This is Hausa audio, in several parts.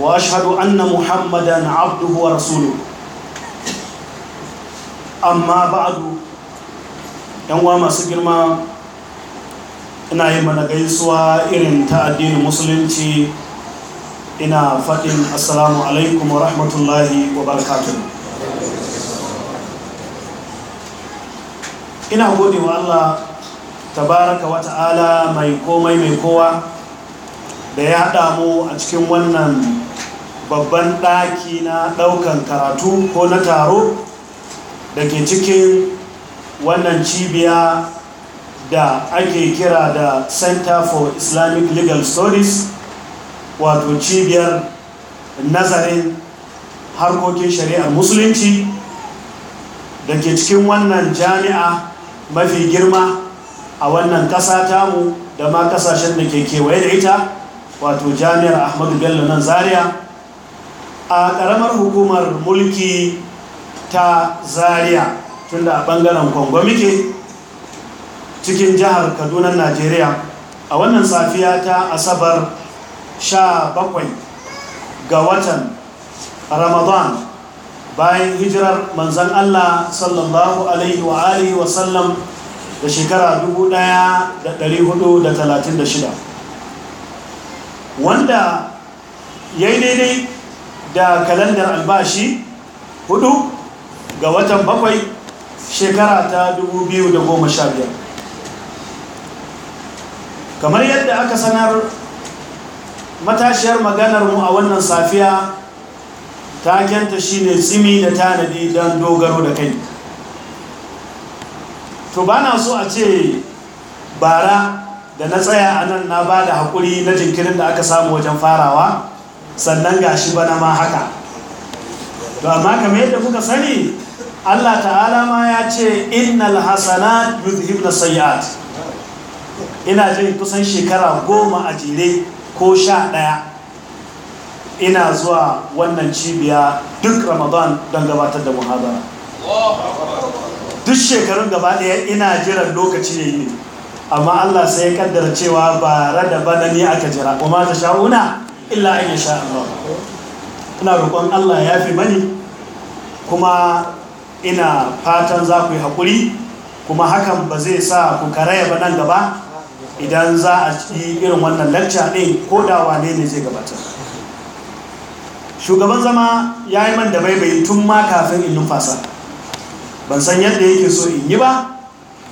واشهد ان محمدا عبده ورسوله amma ba'adu yan wa masu girma ina yi mana gaisuwa irin ta addinin musulunci ina faɗin assalamu alaikum wa rahmatullahi wa barakatun ina buɗewa Allah tabaraka wa ta'ala mai komai mai kowa da ya haɗa mu a cikin wannan babban ɗaki na ɗaukan karatu ko na taro da ke cikin wannan cibiya da ake kira da center for islamic legal studies wato cibiyar nazarin harkokin shari'ar musulunci da ke cikin wannan jami'a mafi girma a wannan ƙasa tamu da ma ƙasashen da ke kewaye da ita wato jami'ar ahmadu bello nan zaria a ƙaramar hukumar mulki ta zaria tunda a ɓangaren kwango muke cikin jihar kaduna najeriya a wannan safiya ta asabar 17 ga watan ramadan bayan hijirar manzan allah sallallahu alaihi wa alihi wasallam da shekara 1436 wanda ya yi daidai da kalandar albashi hudu ga watan bakwai shekara ta 2015 kamar yadda aka sanar matashiyar maganarmu a wannan safiya shi ne tsimi da tanadi don dogaro da kai to ba na so a ce bara da na tsaya a nan na ba da haƙuri na jinkirin da aka samu wajen farawa sannan ga shi bana ma haka to amma kamar yadda kuka sani Allah ta'ala ma ya ce innal hasanat yuzhibna sayyi'at ina jin kusan shekara goma a jere ko sha ɗaya ina zuwa wannan cibiya duk ramadan don gabatar da muhabara duk shekarun gaba ɗaya ina jiran lokaci ya yi amma Allah sai ya kaddara cewa ba rada bana ni aka jira kuma ta sha'una illa a yasha Allah ina rukon Allah ya fi mani kuma ina fatan za ku yi haƙuri kuma hakan ba zai sa ku karaya ba nan gaba idan za a yi irin wannan lacca ɗin ko da wane ne zai gabata shugaban zama ya yi man da bai bai tun ma kafin in numfasa ban san yadda yake so in yi ba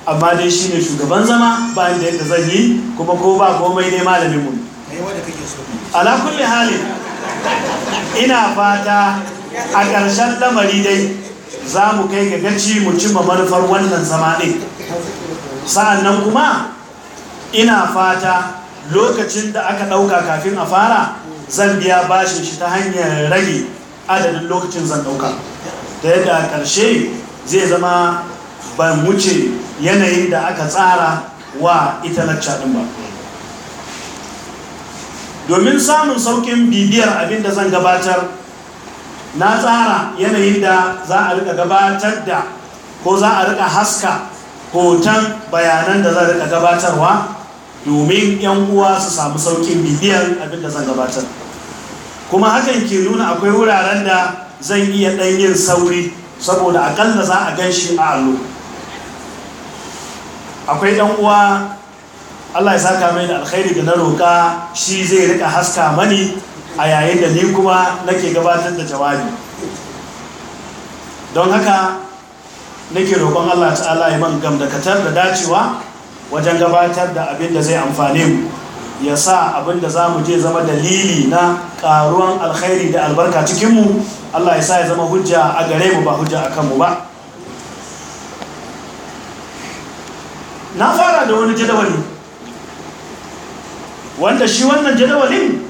amma dai shi ne shugaban zama bayan da yadda zan yi kuma ko ba komai ne malamin mu ne ala kulli ina fata a ƙarshen lamari dai za mu kai ga gaci mu cimma manufar wannan zama sa'annan kuma ina fata lokacin da aka ɗauka kafin a fara zan biya bashin shi ta hanyar rage adadin lokacin zan ɗauka ta yadda ƙarshe zai zama ban wuce yanayin da aka tsara wa ita lacca ba domin samun saukin bibiyar abin da zan gabatar na tsara yanayin da za a rika gabatar da ko za a rika haska hoton bayanan da za a rika gabatarwa domin 'yan uwa su samu saukin bibiyar abin da zan gabatar kuma hakan ke nuna akwai wuraren da zan iya ɗan yin sauri saboda akalla za a gan shi a allo akwai ɗan uwa Allah ya saka mai da alkhairi da na roƙa shi zai rika haska mani a yayin da ni kuma nake gabatar da jawabi don haka nake roƙon Allah ta'ala ya man gamdakatar da dacewa wajen gabatar da abin da zai amfane mu ya sa abin da za mu je zama dalili na ƙaruwan alkhairi da albarka cikinmu Allah ya sa ya zama hujja a gare mu ba hujja a kanmu ba na fara da wani jadawali wanda shi wannan jadawalin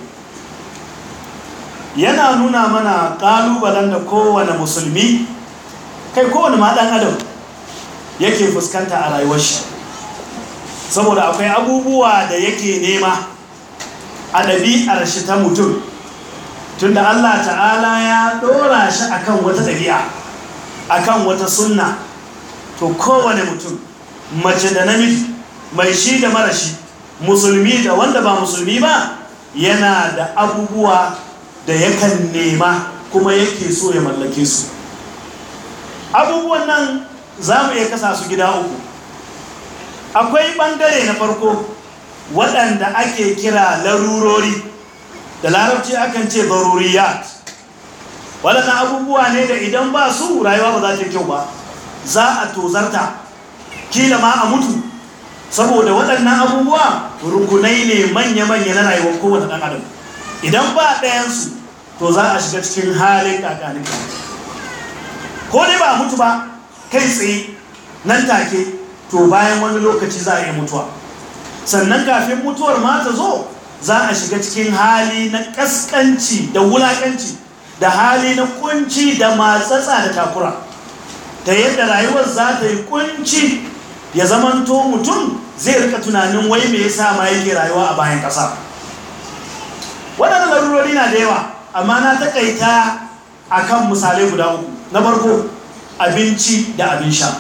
yana nuna mana ƙalubalen da kowane musulmi kai kowane maɗan adam yake fuskanta a rayuwar shi saboda akwai abubuwa da yake nema a ɗabi'ar shi ta mutum tunda Allah ta'ala ya ɗora shi akan wata ɗabi'a akan wata sunna to kowane mutum mace da namiji mai shi da marashi musulmi da wanda ba musulmi ba yana da abubuwa da yakan nema kuma yake so ya mallake su abubuwan nan za mu iya kasa su gida uku akwai ɓangare na farko waɗanda ake kira larurori da larabci akan ce baruriya waɗannan abubuwa ne da idan ba su rayuwa ba za ta kyau ba za a tozarta kila ma a mutu saboda waɗannan abubuwa rukunai ne manya-manya na rayuwar kowane ɗan adam idan ba ɗayansu to za a shiga cikin halin ƙaƙanika ko dai ba mutu ba kai tsaye nan take to bayan wani lokaci za a yi mutuwa sannan kafin mutuwar ma ta zo za a shiga cikin hali na ƙasƙanci da wulaƙanci da hali na kunci da matsatsa da takura ta yadda rayuwar za ta yi kunci ya zamanto mutum zai rika tunanin wai me yasa ma yake rayuwa a bayan ƙasa Waɗanda larurori na da yawa amma na taƙaita kan misalai guda uku na farko abinci da abin sha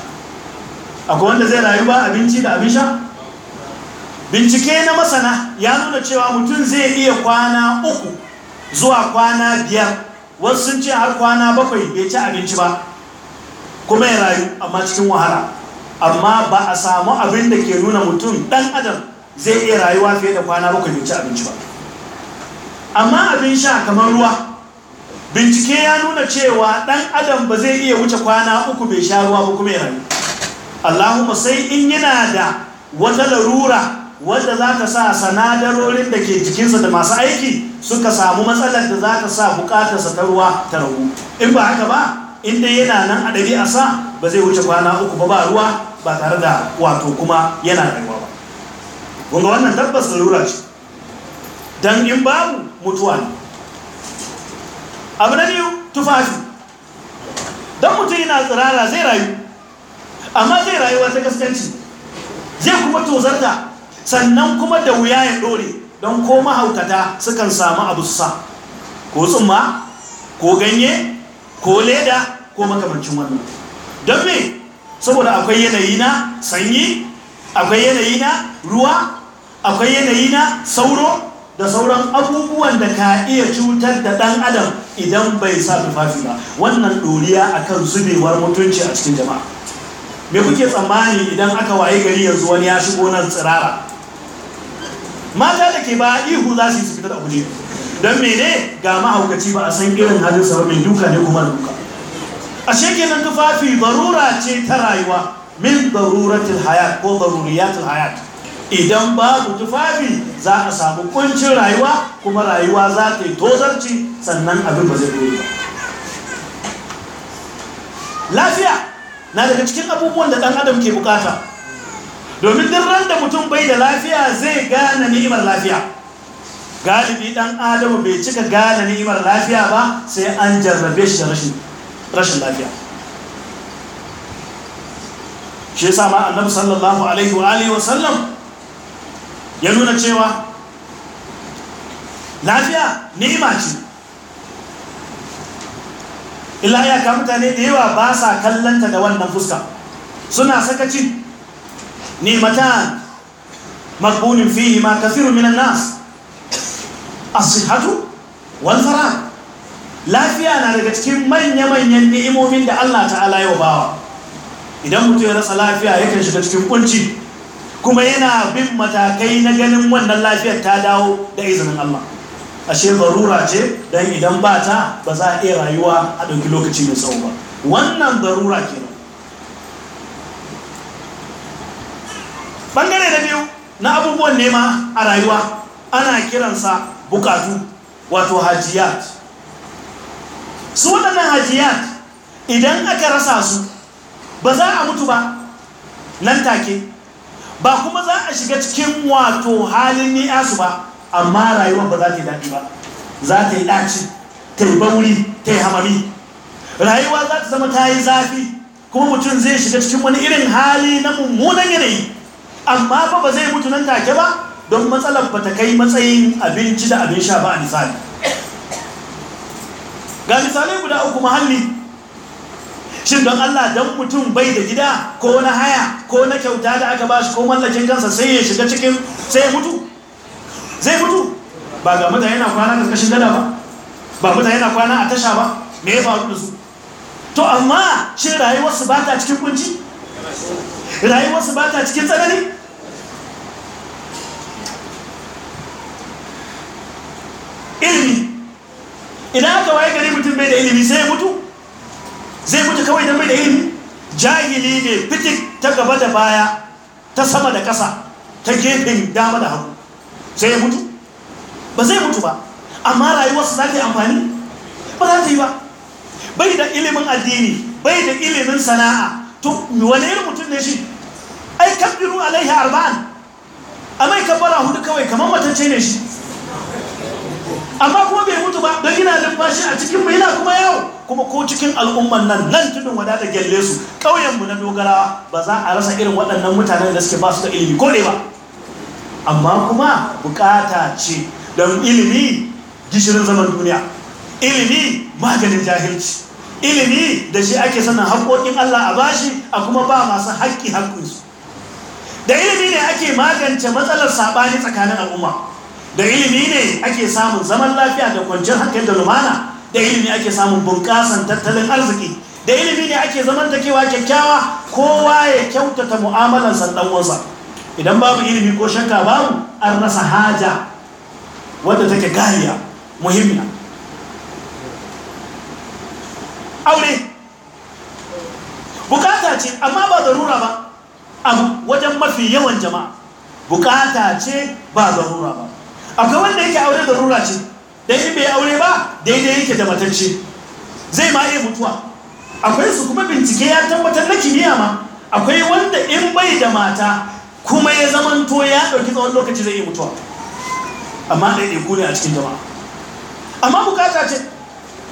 akwai wanda zai rayu ba abinci da abin sha bincike na masana ya nuna cewa mutum zai iya kwana uku zuwa kwana biyar wasu sun ce har kwana bakwai bai ci abinci ba kuma ya rayu amma cikin wahala amma ba a samu abin da ke nuna mutum ɗan adam zai iya rayuwa fiye da kwana bakwai yi ci abinci ba amma abin sha kamar ruwa bincike ya nuna cewa ɗan adam ba zai iya wuce kwana uku bai sha ruwa ba kuma ya allahumma sai in yana da wata larura wadda za ka sa sanadarorin da ke jikinsa da masu aiki suka samu matsalar da za ka sa bukatarsa ta ruwa ta ragu in ba haka ba inda yana nan a ɗari a sa ba zai wuce kwana uku ba ba ruwa ba tare da wato kuma yana rayuwa ba wanda wannan tabbas larura ce don in babu mutuwa ne abu na biyu tufafi don mutum yana tsirara zai rayu amma zai rayuwa ta gaskanci zai kuma tozarta sannan kuma da wuya ya dore don ko mahaukata sukan samu abu sa ko tsumma ko ganye ko leda ko makamancin wannan don me saboda akwai yanayi na sanyi akwai yanayi na ruwa akwai yanayi na sauro da sauran abubuwan da ka iya cutar da ɗan adam idan bai sa tufafi ba wannan ɗoriya akan zubewar mutunci a cikin jama'a me kuke tsammani idan aka waye gari yanzu wani ya shigo nan tsirara mata da ke ba ihu za su yi su fita da ne don mene ga mahaukaci ba a san irin halin ba mai duka ne kuma duka ashe kenan tufafi barura ce ta rayuwa min daruratil hayat ko daruriyatil hayat idan babu tufafi za a samu kuncin rayuwa kuma rayuwa za ta yi tozarci sannan abin ba zai dore ba lafiya na daga cikin abubuwan da ɗan adam ke bukata domin duk ran da mutum bai da lafiya zai gane ni'imar lafiya galibi ɗan adamu bai cika gane ni'imar lafiya ba sai an jarrabe shi rashin rashin lafiya shi yasa ma annabi sallallahu alaihi wa alihi wasallam ya nuna cewa lafiya ni'ima ce illa ya ka mutane da yawa ba sa kallanta da wannan fuska suna sakaci ni'matan maqbunin fihi ma kathirun minan nas as-sihhatu wal farah lafiya na daga cikin manya-manyan ni'imomin da Allah ta'ala yau bawa idan mutum ya rasa lafiya yakan shiga cikin kunci kuma yana bin matakai na ganin wannan lafiyar ta dawo da izinin Allah ashe zarura ce don idan ba ta ba za a iya rayuwa a ɗauki lokaci mai tsawo ba wannan ke kenan bangare na biyu na abubuwan nema a rayuwa ana kiransa bukatu wato hajiyat su waɗannan hajiya idan aka rasa su ba za a mutu ba nan take ba kuma za a shiga cikin wato halin ni'asu ba amma rayuwar ba za ta yi daɗi ba za ta yi ɗaci ta yi bauri ta yi hamami rayuwa za ta zama ta yi zafi kuma mutum zai shiga cikin wani irin hali na mummunan yanayi amma ba ba zai mutu nan take ba don matsalar ba ta kai matsayin abinci da abin sha ba a misali ga misalai guda uku muhalli shin don Allah don mutum bai da gida ko na haya ko na kyauta da aka bashi ko mallakin kansa sai ya shiga cikin sai ya mutu zai mutu ba ga mutane yana kwana da kashin gada ba ba mutane yana kwana a tasha ba me ya faru da su to amma shi rayuwarsu ba ta cikin kunci rayuwarsu ba ta cikin tsanani ilmi idan aka waye gari mutum bai da ilimi sai ya mutu zai mutu kawai don bai da ilimi jahili ne fitik ta gaba da baya ta sama da kasa ta gefen dama da hagu sai mutu ba zai mutu ba amma rayuwarsa za ta amfani ba za ta yi ba bai da ilimin addini bai da ilimin sana'a to wani irin mutum ne shi ai kabbiru alaihi arba'an Amai mai kabbara hudu kawai kamar matance ne shi amma kuma bai mutu ba don yana numfashi a cikin mu yana kuma yau kuma ko cikin al'umman nan nan tudun wada da gyalle su ƙauyen mu na dogara ba za a rasa irin waɗannan mutanen da suke ba su da ilimi ko ne ba amma kuma bukata ce don ilimi gishirin zaman duniya ilimi maganin jahilci ilimi da shi ake sanin haƙoƙin Allah a bashi a kuma ba masu haƙƙi haƙƙinsu da ilimi ne ake magance matsalar saɓani tsakanin al'umma da ilimi ne ake samun zaman lafiya da kwanciyar hankali da lumana da ilimi ake samun bunƙasan tattalin arziki da ilimi ne ake zaman kewa kyakkyawa kowa ya kyautata mu'amalar wasa idan babu ilimi ko shanka babu an rasa haja wadda take gariya muhimmiya aure bukata ce amma ba zarura ba a wajen mafi yawan jama'a bukata ce ba zarura ba akwai wanda yake aure da rura ce da yi bai aure ba daidai yake da matacce zai ma iya mutuwa akwai su kuma bincike ya tabbatar na kimiyya ma akwai wanda in bai da mata kuma ya zamanto ya ɗauki tsawon lokaci zai iya mutuwa amma ya ne a cikin jama'a amma bukata ce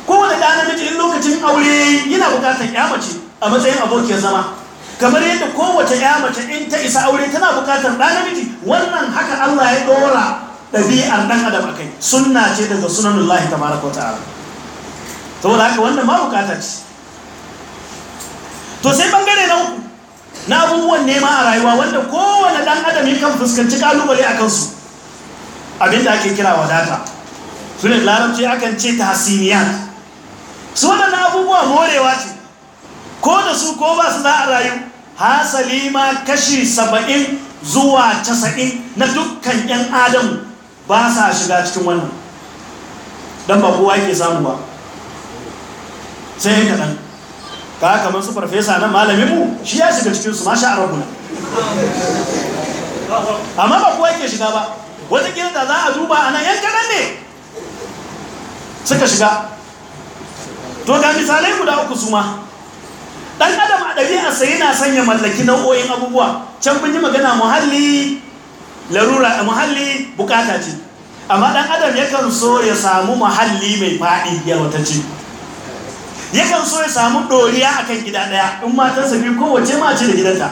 kowane ɗa namiji in lokacin aure yana bukatar ya mace a matsayin abokiyar zama kamar yadda kowace ya mace in ta isa aure tana bukatar ɗa wannan haka Allah ya ɗora ɗabi'ar ɗan adam akai sunna ce daga ta mara tabaraka ara Ta saboda haka wannan ma bukata ce to sai bangare na uku na abubuwan nema a rayuwa wanda kowane ɗan adam kan fuskanci kalubale a kansu abinda ake kira wadata su ne larabci akan ce ta hasiniya su wadanda abubuwa morewa ce ko da su ko ba su za a rayu hasali ma kashi saba'in zuwa casa'in na dukkan 'yan adamu ba sa shiga cikin wannan don ba kowa yake samu ba sai ya kaɗan ka kamar su farfesa nan malaminmu shi ya shiga cikinsu ma sha arabu na amma ba kowa yake shiga ba wata da za a duba a nan yan kaɗan ne suka shiga to ga misalai guda uku su ma ɗan adam a sayi yana sanya mallaki nau'o'in abubuwa can kun yi magana muhalli larura a muhalli bukata ce amma dan adam yakan so ya samu muhalli mai faɗi yalwatacce yakan so ya samu ɗoriya kan gida ɗaya in matansa biyu kowace mace da gidanta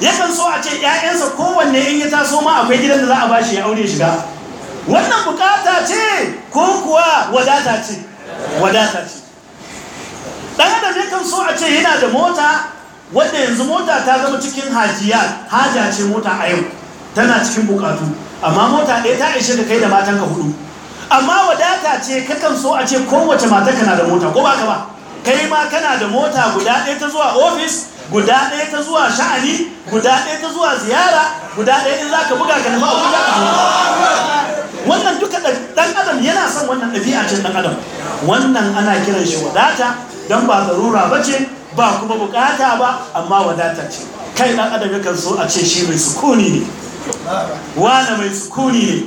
yakan so a ce ‘ya'yansa kowanne in ya taso ma akwai gidan da za a bashi ya aure shiga wannan bukata ce ko kuwa wadata ce wadata ce ɗan adam yakan so a ce yana da mota wadda yanzu mota ta zama cikin hajiya haja ce mota a yau tana cikin bukatu amma mota ɗaya ta ishe ka kai da matan ka hudu amma wadata ce kakan so a ce kowace mata kana da mota ko baka ba kai ma kana da mota guda ɗaya ta zuwa ofis guda ɗaya ta zuwa sha'ani guda ɗaya ta zuwa ziyara guda ɗaya in za ka buga ka nufa abuja wannan duka ɗan adam yana son wannan ɗabi'a ce ɗan adam wannan ana kiran shi wadata dan ba zarura ba ce ba kuma bukata ba amma wadata ce kai ɗan adam yakan so a ce shi mai sukuni ne wane mai sukuni ne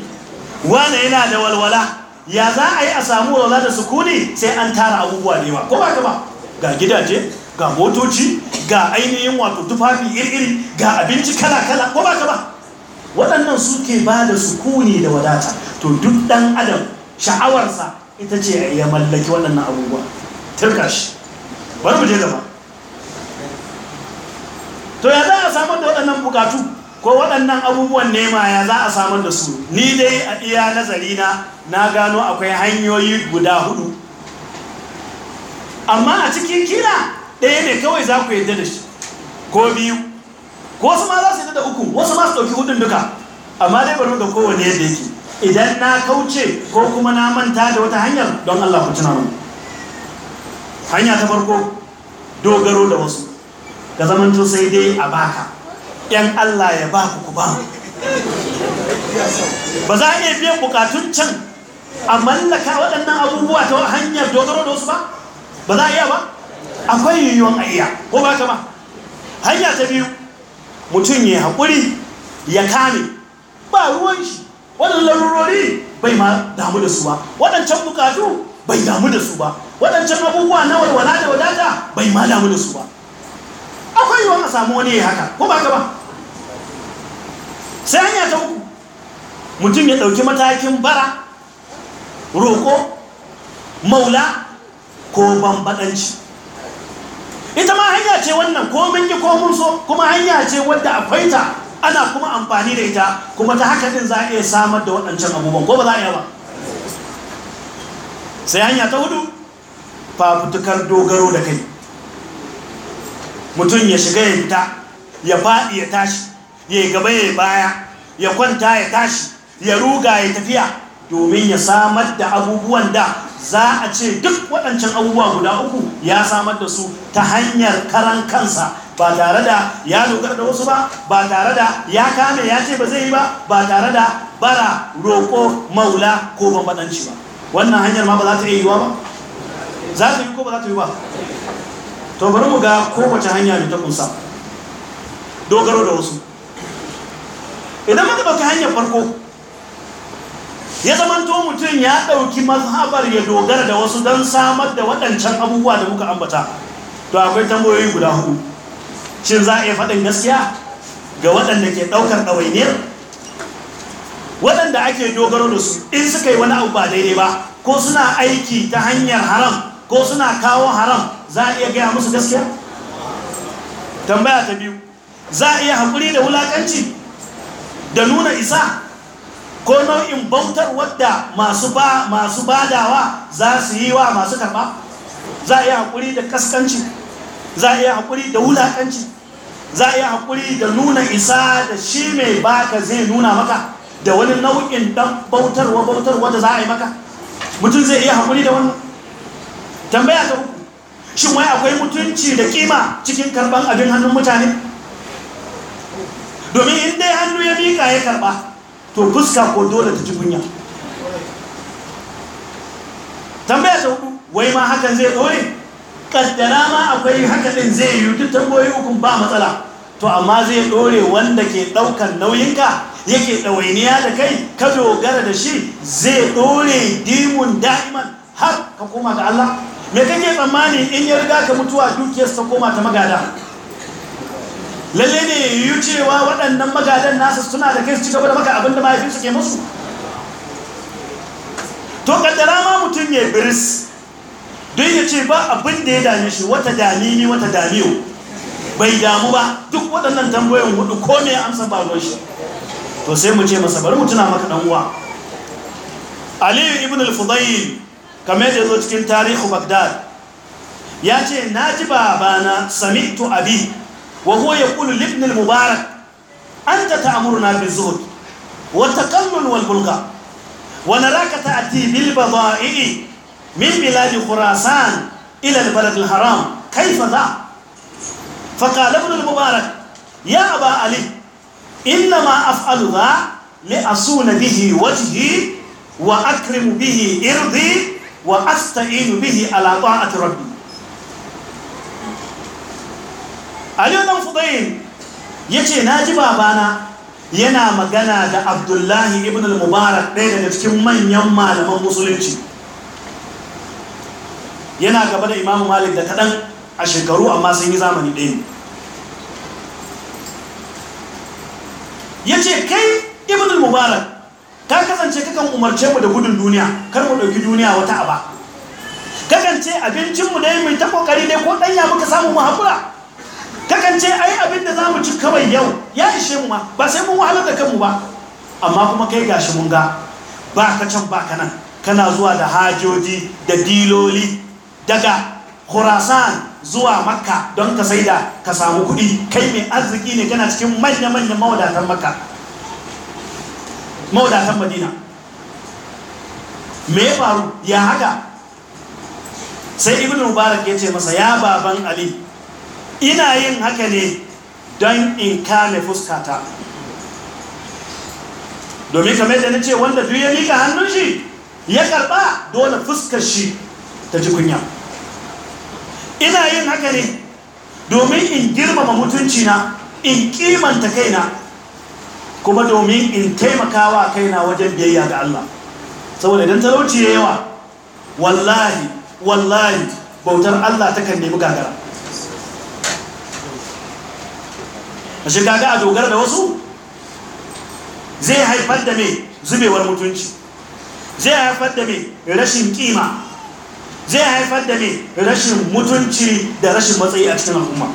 wane yana da walwala ya za a yi a samu walwala da sukuni sai an tara abubuwa ne ma ko ba ba ga gidaje ga motoci ga ainihin wato tufafi iri-iri ga abinci kala-kala ko ba ba waɗannan suke ba da sukuni da wadata to duk ɗan adam sha'awarsa ita ce ya mallaki waɗannan abubuwa turka shi bari mu je gaba to ya za a samar da waɗannan bukatu ko waɗannan abubuwan nema ya za a samar da su ni dai a iya nazari na na gano akwai hanyoyi guda hudu amma a cikin kira ɗaya ne kawai za ku yadda da shi ko biyu ko wasu ma za su yadda da uku wasu ma su ɗauki hudun duka amma dai bari da kowane yadda yake idan na kauce ko kuma na manta da wata hanyar don Allah ku tuna mun hanya ta farko dogaro da wasu ka zamanto sai dai a baka 'yan Allah ya ba ku ba ba za a iya biyan bukatun can a mallaka waɗannan abubuwa ta hanyar dogaro da wasu ba ba za a iya ba akwai yiwuwan a iya ko ba ka ba hanya ta biyu mutum ya haƙuri ya kame ba ruwan shi waɗannan larurori bai ma damu da su ba waɗancan bukatu bai damu da su ba waɗancan abubuwa na walwala da wadata bai ma damu da su ba akwai yiwuwan a samu wani ya haka ko ba ka ba sai hanya ta uku mutum ya ɗauki matakin bara roƙo maula ko bambaɗanci ita ma hanya ce wannan ko mun yi ko mun so kuma hanya ce wadda akwai ta ana kuma amfani da ita kuma ta haka din za a iya samar da waɗancan abubuwan ko ba za a yi ba sai hanya ta hudu fafutukar dogaro da kai mutum ya shiga ya fita ya faɗi ya tashi ya gaba ya baya ya kwanta ya tashi ya ruga ya tafiya domin ya samar da abubuwan da za a ce duk waɗancan abubuwa guda uku ya samar da su ta hanyar karan kansa ba tare da ya dogara da wasu ba ba tare da ya kame ya ce ba zai yi ba ba tare da bara roƙo maula ko bambaɗanci ba wannan hanyar ma ba za ta iya yiwa ba za ta yi ko ba za ta yi ba to bari mu ga kowace hanya da ta kunsa dogaro da wasu idan muka ɗauki hanyar farko ya zamanto mutum ya ɗauki mazhabar ya dogara da wasu don samar da waɗancan abubuwa da muka ambata to akwai tamboyoyi guda hudu shin za a iya faɗin gaskiya ga waɗanda ke ɗaukar ɗawainiyar waɗanda ake dogaro da su in suka yi wani abu ba daidai ba ko suna aiki ta hanyar haram ko suna kawo haram za a iya gaya musu gaskiya tambaya ta biyu za a iya haƙuri da wulaƙanci da nuna isa ko nau'in bautar wadda masu badawa za su yi wa masu karba za a yi haƙuri da kaskanci za a yi haƙuri da wulaƙanci za a yi haƙuri da nuna isa da shi mai baka zai nuna maka da wani nau'in dan bautarwa bautarwa da za a yi maka mutum zai iya haƙuri da wannan tambaya ta uku shin wai akwai mutunci da kima cikin karban abin hannun mutane domin in dai hannu ya miƙa ya karɓa to fuska ko dole ta ci kunya tambaya ta hudu wai ma hakan zai ɗore kaddara ma akwai haka ɗin zai yi duk tambayoyi hukun ba matsala to amma zai ɗore wanda ke ɗaukar nauyinka yake ɗawainiya da kai ka dogara da shi zai ɗore dimun da'iman har ka koma ga Allah me kake tsammani in ya riga ka mutuwa dukiyarsa koma ta magada lalle ne yiwu cewa waɗannan magadan nasa suna da kai su ci gaba da maka abin da mahaifinsu ke musu to kaddara ma mutum ya biris don ya ce ba abin da ya dame shi wata dami ni wata damiyo bai damu ba duk waɗannan tambayoyin hudu ko ne amsa ba ruwan shi to sai mu ce masa bari mu maka dan uwa aliyu ibn al-fudayl kamar da zo cikin tarihu bagdad ya ce na ji babana sami'tu abi وهو يقول لابن المبارك أنت تأمرنا بالزهد والتقنن والبلغاء ونراك تأتي بالبضائع من بلاد خراسان إلى البلد الحرام كيف ذا؟ فقال ابن المبارك يا أبا علي إنما أفعل ذا لأصون به وجهي وأكرم به إرضي وأستعين به على طاعة ربي aliyu dan ce, na ji babana yana magana da abdullahi ibn al-mubarak ɗaya daga cikin manyan malaman musulunci yana gaba da imamu malik da kaɗan a shekaru amma sun yi zamani ɗaya ya ce kai ibn al-mubarak ta kasance kakan umarce mu da gudun duniya kar mu ɗauki duniya wata aba kakance abincinmu da yi mai ta ƙoƙari dai ko ɗanya muka samu mu haƙura kakance ai abin da za mu ci kawai yau ya ishe mu ma ba sai mun wahalar da kanmu ba amma kuma kai gashi mun ga ba ka can ba ka nan kana zuwa da hajoji da diloli daga khurasan zuwa makka don ka saida ka samu kuɗi kai mai arziki ne kana cikin manya-manyan mawadatan makka mawadatan madina me ya faru ya haka sai ibn mubarak ya ce masa ya baban ali ina yin haka ne don in kame fuskata domin kame da na ce wanda duk ya mika hannun shi ya karba dole fuskar shi ta ji kunya ina yin haka ne domin in girmama na in kimanta kaina kuma domin in taimakawa kaina wajen biyayya ga Allah saboda idan talauci ya yawa wallahi wallahi bautar Allah ta kan nemi gagara a shi ga a dogara da wasu zai haifar da mai zubewar mutunci zai haifar da mai rashin kima zai haifar da mai rashin mutunci da rashin matsayi a cikin al'umma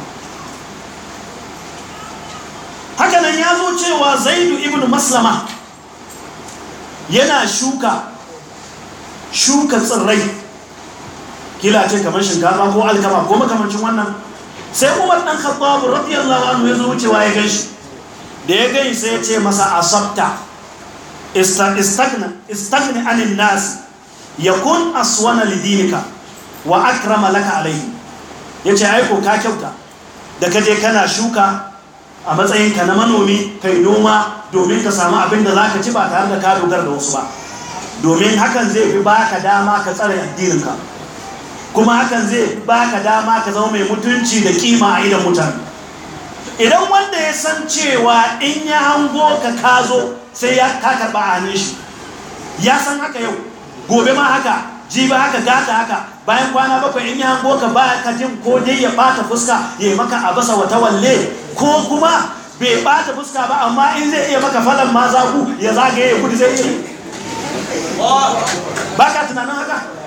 hakanan ya zo cewa zaidu ibn maslama yana shuka shuka tsirrai kila ce kamar shinkafa ko alkama ko makamancin wannan sai umar ɗan khattab radiyallahu anhu ya zo wucewa ya shi da ya gan sai ya ce masa asabta istagna istagni anin nas yakun aswana lidinika wa akrama laka alayhi yace ai ko ka kyauta da ka kaje kana shuka a matsayin ka na manomi kai noma domin ka samu abin da ka ci ba tare da ka dogara da wasu ba domin hakan zai fi baka dama ka tsare ka kuma hakan zai baka dama ka zama mai mutunci da kima a idan mutane idan wanda ya san cewa in ya hango ka kazo sai ya taka karba a shi ya san haka yau gobe ma haka ji haka gata haka bayan kwana bakwai in ya hango ka ba ka jin ko dai ya bata fuska ya yi maka abasa wata walle ko kuma bai bata fuska ba amma in zai iya maka falan ma zaku ya zagaye ya gudu zai iya ba ka tunanin haka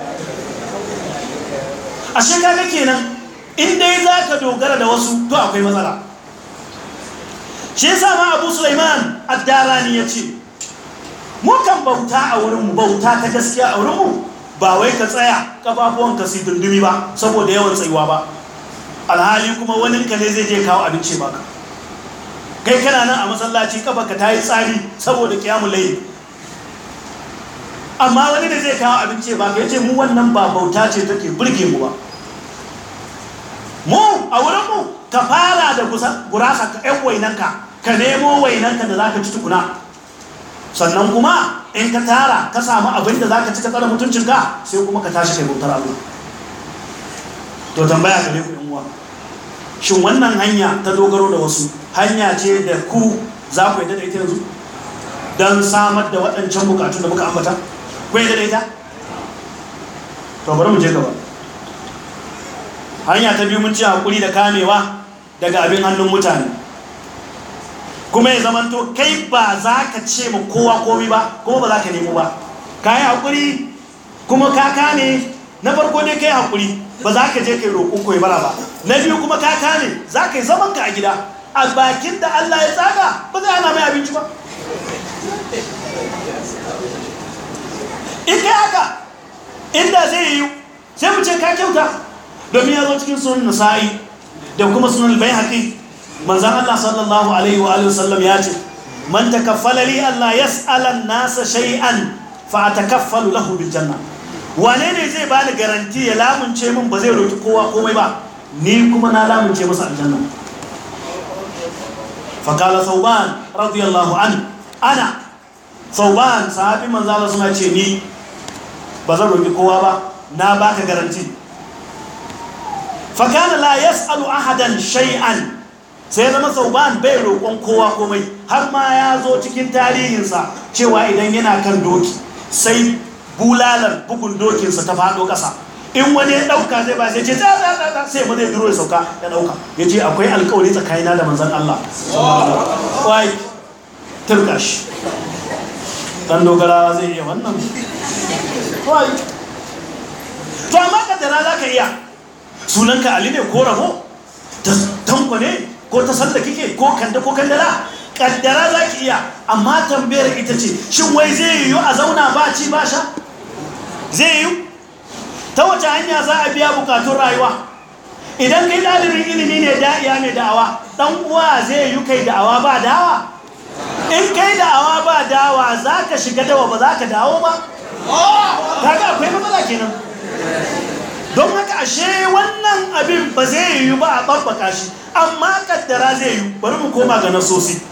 a shekara kenan in dai za ka dogara da wasu to akwai matsala shi ya ma abu sulaiman addarani ya ce mukan bauta a wurinmu bauta ta gaskiya a wurinmu ba wai ka tsaya kafafuwan su dundumi ba saboda yawan tsayuwa ba alhali kuma wani ka ne zai je kawo abinci baka kai kana nan a masallaci ka ta yi tsari saboda kiyamun layi amma wani da zai kawo abinci ba ka yace mu wannan ba bauta ce take burge mu ba mu a wurin mu ka fara da gurasa ka ɗan wainanka ka nemo wainanka da zaka ci tukuna sannan kuma in ka tara ka samu abin da zaka ci ka tsara mutuncinka sai kuma ka tashi sai bautar abu to tambaya gare ku yan uwa shin wannan hanya ta dogaro da wasu hanya ce da ku za ku yi da ita yanzu don samar da waɗancan bukatun da muka ambata kun yadda da ita gaba hanya ta biyu mun ci hakuri da kamewa daga abin hannun mutane kuma ya zamanto kai ba za ka ce ma kowa komi ba kuma ba za ka nemo ba ka yi hakuri kuma ka kame na farko ne kai hakuri ba za ka je kai roƙo koyi bara ba na biyu kuma ka kame za ka yi zaman ka a gida a bakin da Allah ya tsaga ba zai hana mai abinci ba in kai haka inda zai yiwu sai mu ce ka kyauta domin ya zo cikin sunan nasa'i da kuma sunan bai haƙi manzan Allah sallallahu alaihi wa sallam ya ce man takaffala li Allah yas'alan nasa shay'an fa atakaffalu lahu bil janna wane ne zai bani garanti ya lamunce min ba zai roki kowa komai ba ni kuma na lamunce masa aljanna fa qala thawban radiyallahu an ana thawban sahabi manzo Allah suna ce ni ba zan roƙi kowa ba na baka garanti fakana la yas'alu ahadan shay'an sai zama sauban bai roƙon kowa komai har ma ya zo cikin tarihinsa cewa idan yana kan doki sai bulalar bugun dokinsa ta faɗo ƙasa in wani ya ɗauka zai ba sai ce za za za sai mu zai duro ya sauka ya ɗauka ya ce akwai alkawari tsakanina da manzan Allah wai turkash dan dogara zai iya wannan wai to amma kaddara za ka iya sunanka ali ne ko rabo ta tanko ne ko ta sanda kike ko kanda ko kandara kaddara za ki iya amma tambayar ita ce shin wai zai yiwu a zauna ba ci ba sha zai yiwu ta wace hanya za a biya bukatun rayuwa idan kai dalibin ilimi ne da'iya mai da'awa dan uwa zai yi kai da'awa ba da'awa in kai da'awa ba dawa za ka shiga dawa ba za ka dawo ba kaga akwai matsala kenan don haka ashe wannan abin ba zai yi ba a ɓarɓaka shi amma kaddara zai yiwu bari mu koma ga nasosi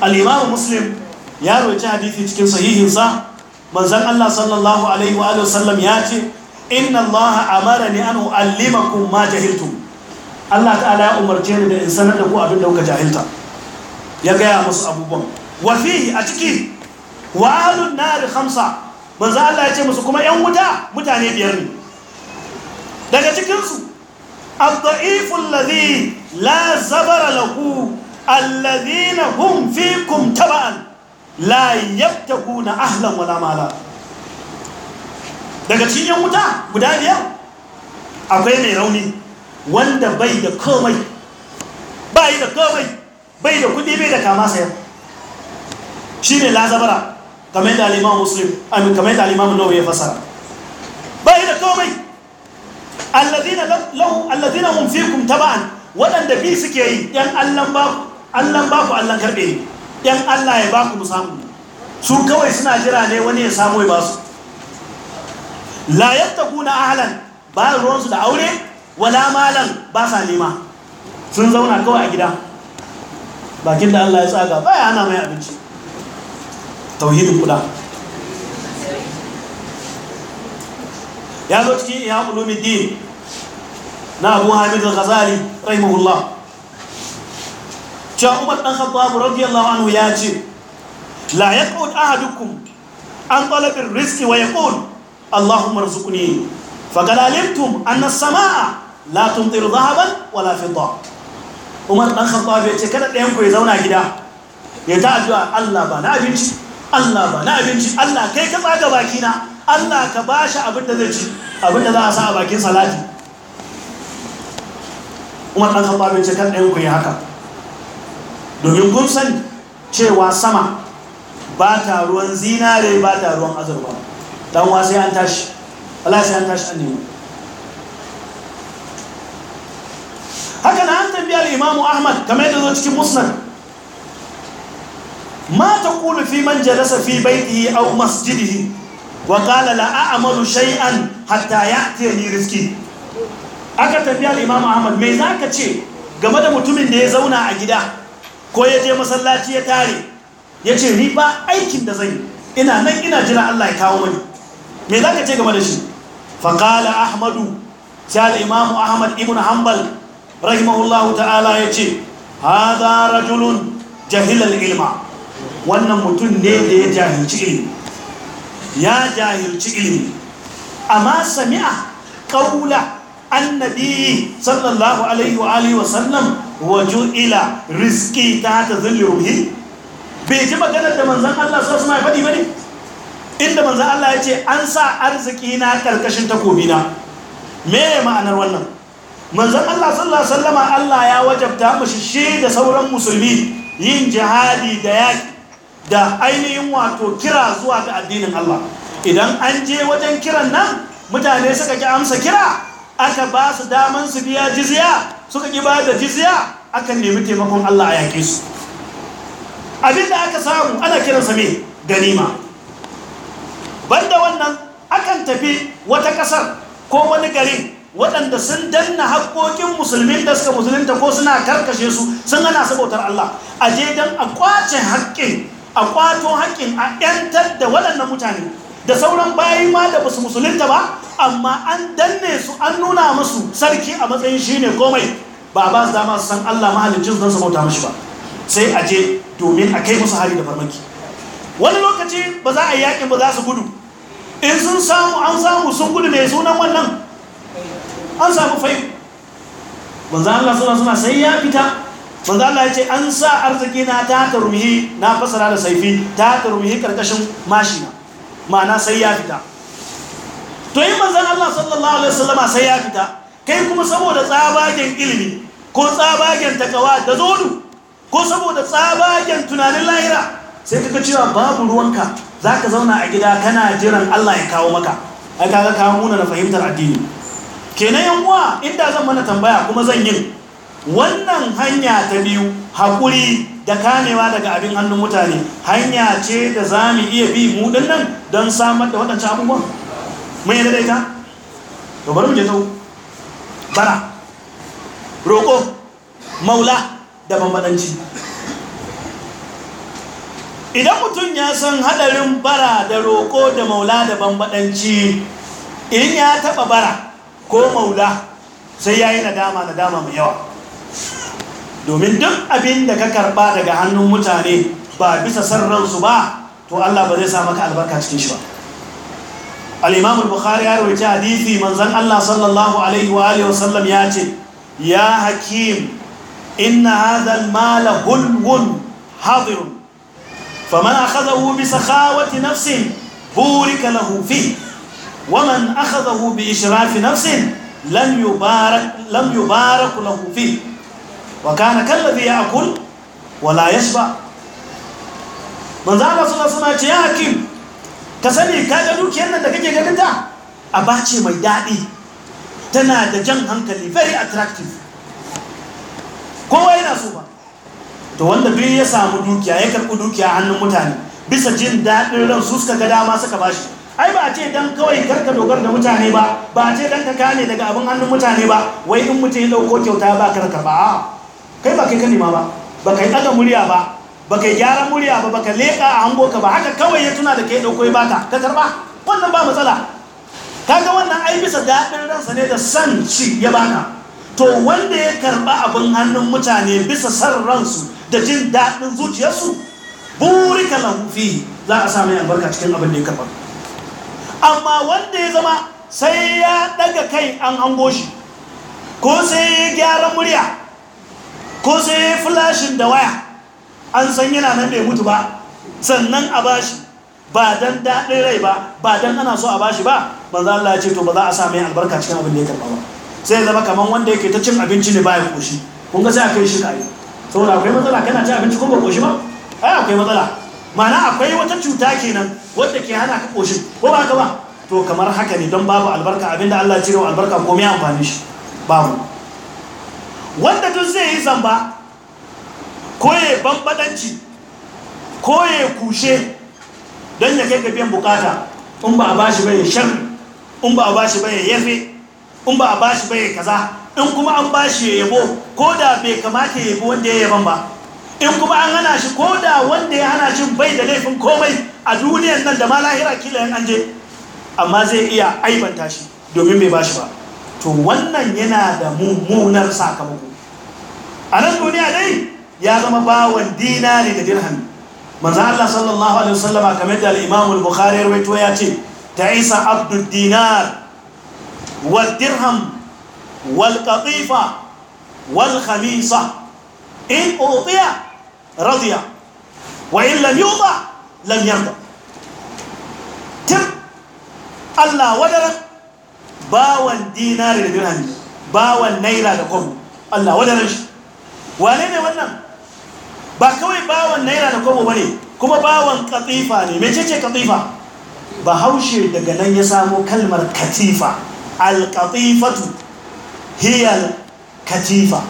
al'imamu muslim ya roci hadithi cikin sahihinsa manzan allah sallallahu alaihi wa wasallam ya ce inna allah amara ni an u'allimakum ma jahiltu allah ta'ala ya umarce ni da in sanar da ku abin da kuka jahilta ya gaya musu abubuwan wafi a ciki wa ahlun nari khamsa manzo Allah ya ce musu kuma yan wuta mutane biyar ne daga cikin su ad-da'ifu alladhi la zabara lahu alladhina hum fikum taba'an la yabtaguna ahlan wala mala daga cikin yan wuta guda biyar akwai mai rauni wanda bai da komai bai da komai bai da kuɗi bai da kama saya shi ne lazabara kamar da alimamu muslim amin kamar da alimamu nawa ya fasara bai da komai allazina lahu allazina hum taba'an waɗanda bi suke yi yan allan ba ku allan karɓe ne yan allah ya ba ku musamman su kawai suna jira ne wani ya samu ya ba su la yattaquna ahlan ba ruwansu da aure wala malan ba sa nema sun zauna kawai a gida bakin da Allah ya tsaga baya ana mai abinci tauhidin kuda ya zo cikin iya ulumuddin na abu hamid al-ghazali rahimahullah cewa umar dan khattab radiyallahu anhu ya ce la yaqud ahadukum an talabir rizqi wa yaqul allahumma rzuqni faqad alimtum anna as-samaa la tumtir dhahaban wala fiddah umar dan khattab ya ce kada ɗayan ku ya zauna gida ya ta addu'a Allah ba na abinci Allah ba na abinci Allah kai ka tsaga baki na Allah ka bashi abin da zai ci abin da za a sa a bakin salati umar dan khattab ya ce kada ɗayan ku ya haka domin kun sani cewa sama ba ta ruwan zinare ba ta ruwan azurba dan wa sai an tashi Allah sai an tashi an nemi haka na an tambiya al-imamu ahmad kamar yadda zuwa cikin musnad ma Kulu fi man jalasa fi baytihi aw masjidihi wa qala la a'malu shay'an hatta ya ya'tiyani riski aka tambiya al-imamu ahmad za ka ce game da mutumin da ya zauna a gida ko ya je masallaci ya tare ya ce ni ba aikin da zai ina nan ina jira Allah ya kawo mani me za ka ce game da shi faƙala ahmadu sai al'imamu ahmad ibn hanbal rahimahullahu ta'ala ya ce haza rajulun jahilal ilma wannan mutum ne da ya jahilci ilimi ya jahilci ilimi amma sami'a ƙaula annabi sallallahu alaihi wa alihi wa sallam waju ila riski ta ta zulli bai ji maganar da manzan Allah su ma faɗi ba ne inda manzan Allah ya ce an sa arziki na takobi takobina me ma'anar wannan manzon Allah sallallahu alaihi wasallama Allah ya wajabta mushi shi da sauran musulmi yin jihadi da yaƙi da ainihin wato kira zuwa ga addinin Allah idan an je wajen kiran nan mutane suka ki amsa kira aka ba su daman su biya jizya suka ki ba da jizya aka nemi taimakon Allah a yaƙe su abinda aka samu ana kiransa me ganima banda wannan akan tafi wata ƙasar ko wani garin waɗanda sun danna haƙoƙin musulmin da suka musulunta ko suna karkashe su sun hana sabotar Allah a je don a kwace haƙƙin a kwato haƙƙin a ‘yantar da waɗannan mutane da sauran bayi ma da basu musulunta ba amma an danne su an nuna musu sarki a matsayin shi ne komai ba ba su dama su san Allah mahalicin don su mashi ba sai a je domin a kai musu hari da farmaki wani lokaci ba za a yi yaƙin ba za su gudu in sun samu an samu sun gudu mai sunan wannan an samu fayu manzo Allah suna suna sai ya fita manzo Allah ya ce an sa arziki na ta tarmihi na fasara da saifi ta tarmihi karkashin mashina ma'ana sai ya fita to yi manzo Allah sallallahu alaihi wasallama sai ya fita kai kuma saboda tsabagen ilimi ko tsabagen takawa da zodu ko saboda tsabagen tunanin lahira sai kaga cewa babu ruwanka zaka zauna a gida kana jiran Allah ya kawo maka ai kaga kawo muna na fahimtar addini kenan yan uwa inda zan mana tambaya kuma zan yi. wannan hanya ta biyu haƙuri da kamewa daga abin hannun mutane hanya ce da za mu iya bi mu nan don samar da waɗancan abubuwan mun yi daidaita to bari mu je tau bara roƙo maula da bambaɗanci idan mutum ya san haɗarin bara da roƙo da maula da bambaɗanci in ya taɓa bara ko maula sai ya yi nadama nadama mai yawa domin duk abin da ka karba daga hannun mutane ba bisa san ransu ba to Allah ba zai sa maka albarka cikin shi ba al bukhari ya rawaita hadisi manzon Allah sallallahu alaihi wa alihi wasallam ya ce ya hakim inna hadha al-mal hulwun hadir faman akhadahu bi sakhawati nafsin burika lahu fihi waman akhadahu bi ishrafi nafsin lam yubarak lam yubarak lahu fi wa kana kalladhi ya'kul wa la yashba manzo Allah sallallahu alaihi ya hakim ka sani ka ga dukiyar nan da kake ganin ta aba mai daɗi tana da jan hankali very attractive kowa yana so ba to wanda biyu ya samu dukiya ya karɓi dukiya hannun mutane bisa jin daɗin ran su suka ga dama suka bashi ai ba a ce dan kawai karka dogara da mutane ba ba a ce dan ka kane daga abin hannun mutane ba wai in mutum ya dauko kyauta ba karka ba kai ba kai ka nema ba ba kai daga murya ba ba kai gyara murya ba ba ka leka a hango ka ba haka kawai ya tuna da kai dauko ya baka ka karba wannan ba matsala kaga wannan ai bisa daɗin ransa ne da san shi ya baka to wanda ya karba abin hannun mutane bisa san ransu da jin daɗin zuciyarsu burika lahu fi za a sa albarka cikin abin da ya karba amma wanda ya zama sai ya daga kai an hango shi ko sai ya gyara murya ko sai ya flashin da waya an san yana nan bai mutu ba sannan a bashi ba don daɗin rai ba ba don ana so a bashi ba ba za a ce to ba za a sa albarka cikin abin da ya karɓa ba sai ya zama kamar wanda yake ta cin abinci ne bayan koshi kun ga sai a kai shi kare saboda akwai matsala kana cin abinci kuma koshi ba ai akwai matsala mana akwai wata cuta kenan wadda ke hana ka koshin ko ba ka ba to kamar haka ne don babu albarka abinda Allah ya cire albarka ko me amfani shi mu. wanda duk zai yi zamba ko ya bambadanci ko ya kushe don ya kai biyan bukata in ba a bashi bai shar in ba a bashi bai yafe in ba a bashi bai kaza in kuma an bashi ya yabo ko da bai kamata ya yabo wanda ya yaban ba in kuma an hana shi ko da wanda ya hana shi bai da laifin komai a duniyar nan da ma lahira kila yan anje amma zai iya aibanta shi domin bai bashi ba to wannan yana da mummunar sakamako a nan duniya dai ya zama bawan dinari da dirhami manzo Allah sallallahu alaihi wasallama kamar da al-Imam al-Bukhari rawaito ya ce ta isa abdul dinar والدرهم Wal والخميصة In أعطي radiya wa in lam yuba lam yarda tir Allah wadaran bawan dinari da dirhami bawan naira da kwabo Allah wadaran shi wane ne wannan ba kawai bawan naira da kwabo bane kuma bawan katifa ne ce katifa bahaushe daga nan ya samo kalmar katifa al-katifatu hiyar katifa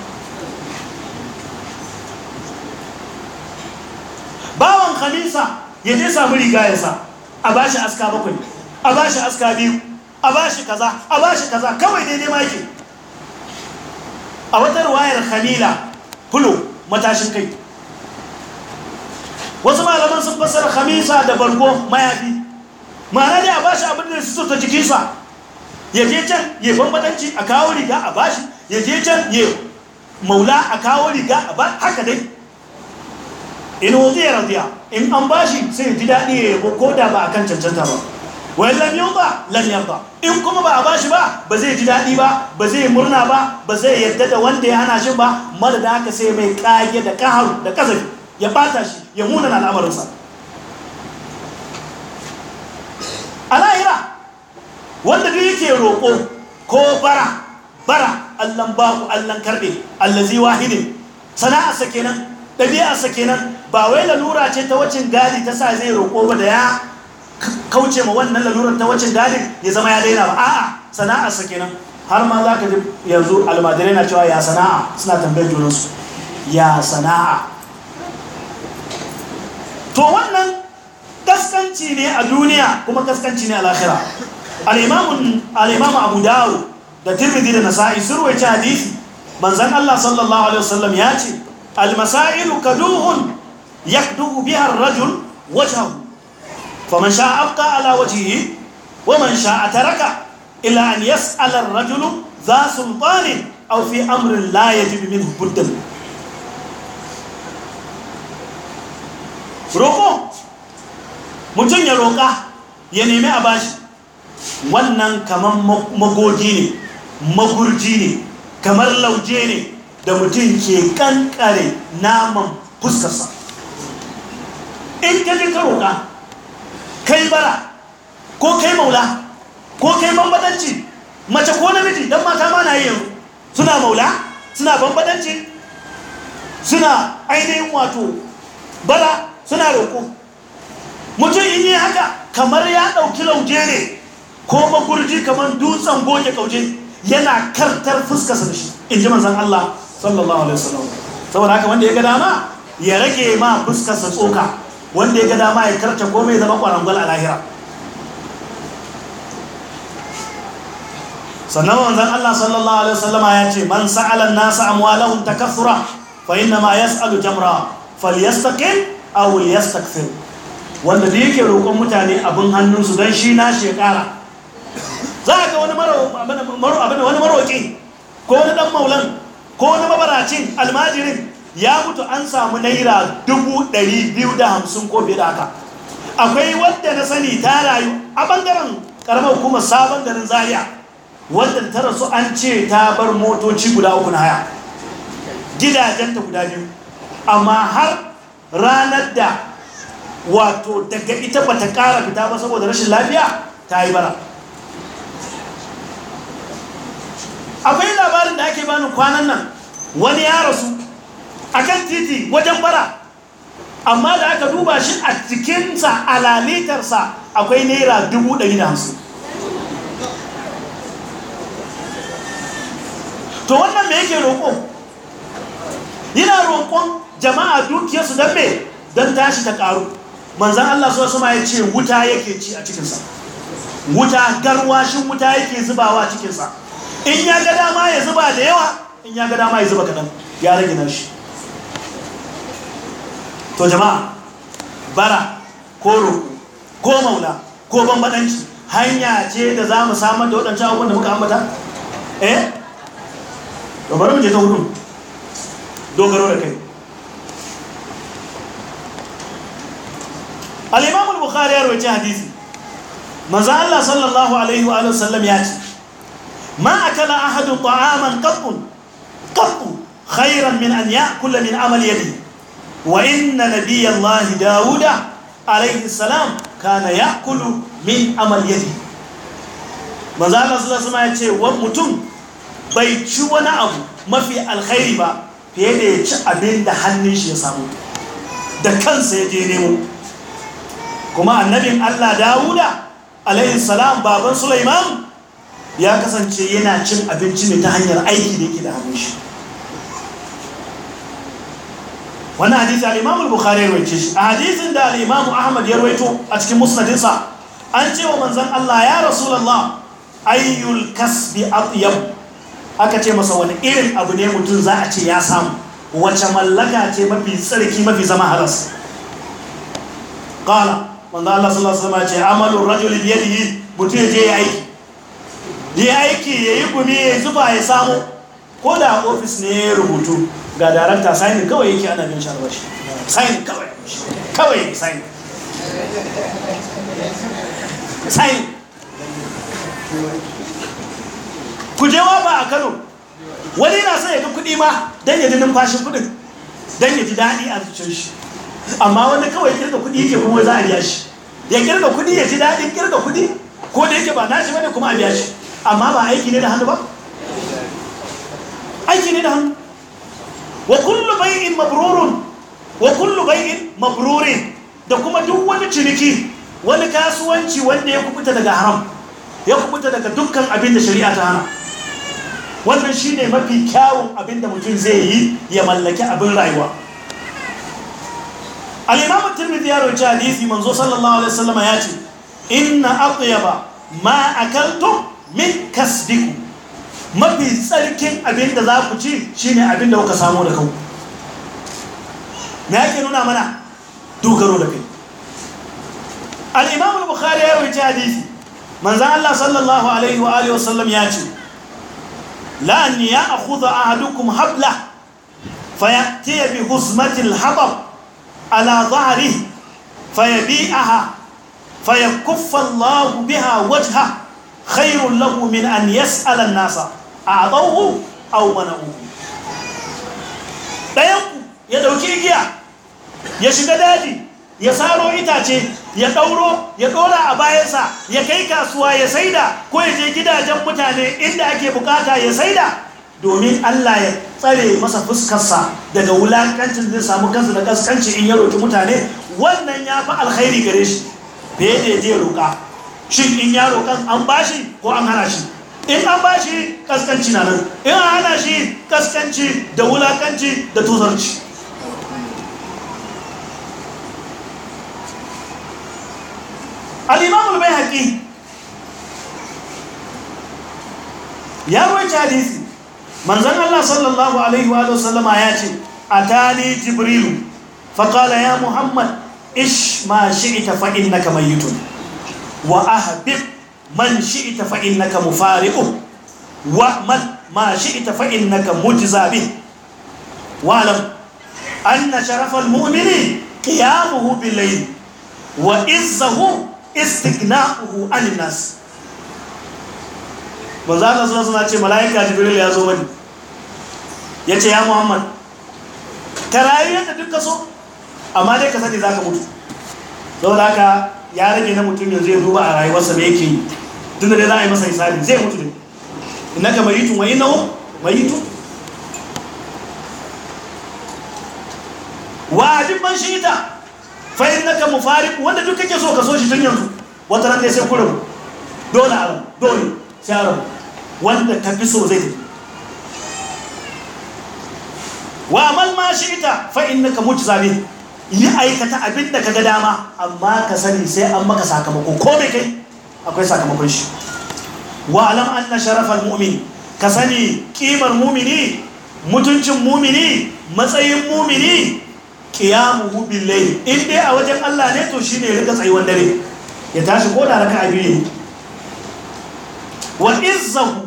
bawan khalisa ya je samu riga ya sa a shi aska bakwai a ba shi aska biyu a ba shi kaza a ba shi kaza kawai daidai maki a wata ruwayar khalila fulo matashin kai wasu malaman sun fasar khamisa da bargo mayafi ma'ana dai a shi abin da su ta jikinsa ya je can ya bambadanci a kawo riga a bashi ya je can ya maula a kawo riga a ba haka dai in wuti ya radiya in an bashi sai ji daɗi ya yabo ko da ba a kan cancanta ba wai lam ba lam ba in kuma ba a bashi ba ba zai ji daɗi ba ba zai murna ba ba zai yadda da wanda ya hana shi ba mara da haka sai mai ƙage da kaharu da kasafi ya ɓata shi ya muna na al'amarinsa a lahira wanda duk yake roƙo ko bara bara allan baku allan karɓe allazi wahidin sana'arsa kenan ɗabi'arsa kenan ba wai lalura ce ta wacin gadi ta sa zai roƙo ba da ya kauce ma wannan lalurar ta wacin gadi ya zama ya daina ba a'a sana'arsa kenan har ma za ka ji yanzu almajirai na cewa ya sana'a suna tambayar junansu ya sana'a to wannan kaskanci ne a duniya kuma kaskanci ne a lahira al'imamu abu dawo da tirmidhi da nasa'i sun ruwaice hadisi manzan allah sallallahu alaihi wasallam ya ce المسائل كدوغ يخدو بها الرجل وجهه فمن شاء أبقى على وجهه ومن شاء تركه إلا أن يسأل الرجل ذا سلطان أو في أمر لا يجب منه بدا roƙo mutum ya roƙa ya nemi a bashi wannan kamar magogi ne magurji ne kamar lauje ne da mutum ke kankare naman fuskarsa in ka ji ka roƙa kai bara ko kai maula ko kai bambadanci mace ko namiji don mata ma na yi yau. suna maula suna bambadanci suna ainihin wato bara suna roƙo mutum in yi haka kamar ya ɗauki lauje ne ko magurji kamar dutsen goge kauje yana kartar fuskarsa da shi in ji manzan Allah sallallahu alaihi wasallam saboda haka wanda ya ga dama ya rage ma fuskarsa tsoka wanda ya ga dama ya karta komai zama kwarangwal a lahira sannan wanzan Allah sallallahu alaihi wasallama ya ce man sa'ala an-nasa amwalahum takathura fa inna ma yas'alu jamra falyastaqim aw yastakthir wanda da yake roƙon mutane abin hannunsu don shi na shekara za ka wani maro abin wani maroƙi ko wani dan maulan ko wani mabaracin almajirin ya mutu an samu naira dubu ɗari biyu da hamsin ko fiye da haka akwai wadda na sani ta rayu a bangaren karamar kuma sabon garin Zariya. wadda ta rasu an ce ta bar motoci guda uku na haya gidajenta guda biyu amma har ranar da wato daga ita ba ta ƙara fita ba saboda rashin lafiya ta yi bara akwai labarin da ake bani kwanan nan wani ya rasu a kan titi wajen bara amma da aka duba shi a cikinsa a lalitarsa akwai naira dubu ɗari da hamsin to wannan me yake roƙo yana roƙon jama'a dukiyarsu don me don tashi ta ƙaru manzan Allah su ma ya ce wuta yake ci a cikinsa wuta garwashin wuta yake zubawa cikinsa in ya ga dama ya zuba da yawa in ya ga dama ya zuba kaɗan ya rage nan shi to jama'a bara ko roƙo ko maula ko bambaɗanci hanya ce da za mu samar da waɗancan abubuwan da muka ambata eh to bari mu je ta hudu dogaro da kai al-imam al-bukhari ya rawaita hadisi manzo Allah sallallahu alaihi wa sallam ya ce ما أكل أحد طعاما قط قط خيرا من أن يأكل من عمل يده وإن نبي الله داود عليه السلام كان يأكل من عمل يده manzo Allah sallallahu alaihi ya ce wa mutum bai ci wani abu mafi alkhairi ba fiye da ya ci abinda hannun shi ya samo. da kansa ya je nemo kuma annabin Allah Dawuda alaihi salam baban Sulaiman ya kasance yana cin abinci ne ta hanyar aiki da yake da hannun shi wannan hadisi al-imamu al-bukhari ya rawaito shi a hadisin da al-imamu ahmad ya rawaito a cikin musnadinsa an ce wa manzon Allah ya rasulullah ayyul kasbi atyab aka ce masa wani irin abu ne mutum za a ce ya samu wace mallaka ce mafi tsarki mafi zama haras qala manzon Allah sallallahu alaihi wasallam ya ce amalur rajuli bi yadihi mutum je ya aiki ya aiki ya yi gumi ya zuba ya samu ko da ofis ne ya rubutu ga daranta sainin kawai yake ana bin shi albashi sainin kawai kawai sainin sainin ku je ba a kano wani na sai ya ga kuɗi ma don ya ji numfashin kuɗin don ya ji daɗi a cikin shi amma wani kawai kirga kuɗi yake kuma za a biya shi ya kirga kuɗi ya ji daɗin kirga kuɗi ko da yake ba na shi bane kuma a biya shi amma ba aiki ne da hannu ba aiki ne da hannu wa kullu bai'in mabrurun wa kullu bai'in mabrurin da kuma duk wani ciniki wani kasuwanci wanda ya kubuta daga haram ya kubuta daga dukkan abin da shari'a ta hana wannan shine mafi kyawun abin da mutum zai yi ya mallaki abin rayuwa al-imam at-tirmidhi ya rawaita hadisi manzo sallallahu alaihi wasallam ya ce inna atyaba ma akaltum min kasbiku mafi tsarkin abin da za ku ci shine abin da kuka samu da kanku me yake nuna mana dogaro da kai al-imam al-bukhari ya wuce hadisi manzo Allah sallallahu alaihi wa alihi wasallam ya ce la an ya'khudha ahadukum habla fayatiya bi huzmati al-habab ala dhahrihi fayabi'aha fayakuffa Allah biha wajhahu khairun lahu min an yas'ala nasa a adawu aw mana'u dayan ya dauki igiya ya shiga daji ya saro itace ya ɗauro ya ɗora a bayansa ya kai kasuwa ya saida ko ya je gidajen mutane inda ake bukata ya saida domin Allah ya tsare masa fuskarsa daga wulakancin zai samu kansa da kaskanci in ya roki mutane wannan ya fi alkhairi gare shi da ya je roka shin in yaro kan an bashi ko an hana shi in an bashi kaskanci na nan in an hana shi kaskanci da wulakanci da tuzarci al'imamul bai haƙi ya ruwanci hadisi manzan Allah sallallahu Alaihi wa sallama ya ce a tani jibrilu faƙala ya muhammad ish ma shi ita fa'in na kamar yutun wa ahbib man shi'ta fa innaka mufari'u wa man ma shi'ta fa innaka mujza wa lam anna sharafal mu'mini qiyamuhu bil wa izzahu istighna'uhu 'anil nas manzo Allah sallallahu alaihi ce malaika jibril ya zo mani yace ya muhammad ka rayu yadda duk so amma dai ka sani zaka mutu saboda haka ya rage na mutum yanzu ya duba a rayuwarsa me yake yi tunda dai za a yi masa hisabi zai mutu ne innaka mayitun wa innahu mayitun wa ajib man shita fa innaka mufariq wanda duk kake so ka so shi tun yanzu wata ran dai sai ku rabu dole a rabu dole sai a rabu wanda ka fi so zai wa amal ma shita fa innaka mujza yi aikata abin da ka ga dama amma ka sani sai an maka sakamako ko mai kai akwai sakamakon shi wa alam na sharafar mumini ka sani kimar mumini mutuncin mumini matsayin mumini kiyamu hubin lai in dai a wajen Allah ne to shi ya rika tsayuwan dare ya tashi ko da abin biyu wa izzahu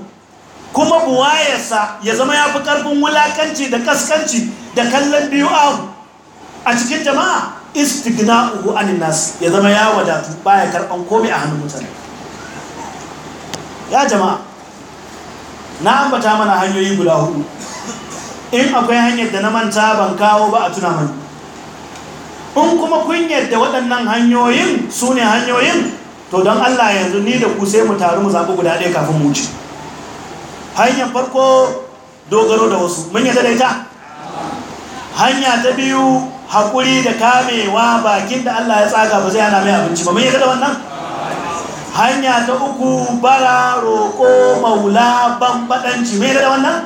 kuma buwayarsa ya zama ya fi karfin wulakanci da kaskanci da kallon biyu abu a cikin jama'a istighna'uhu anin nas ya zama ya wadatu baya karban komai a hannun mutane ya jama'a na ambata mana hanyoyi guda hudu in akwai hanyar da na manta ban kawo ba a tuna mani in kuma kun yadda waɗannan hanyoyin su ne hanyoyin to don allah yanzu ni da ku sai mu taru mu zaɓi guda ɗaya kafin mu ci hanyar farko dogaro da wasu mun yadda da ita hanya ta biyu haƙuri da kamewa bakin da Allah ya tsaga ba zai hana mai abinci ba mun yi da wannan hanya ta uku bara roƙo maula bambaɗanci mai da wannan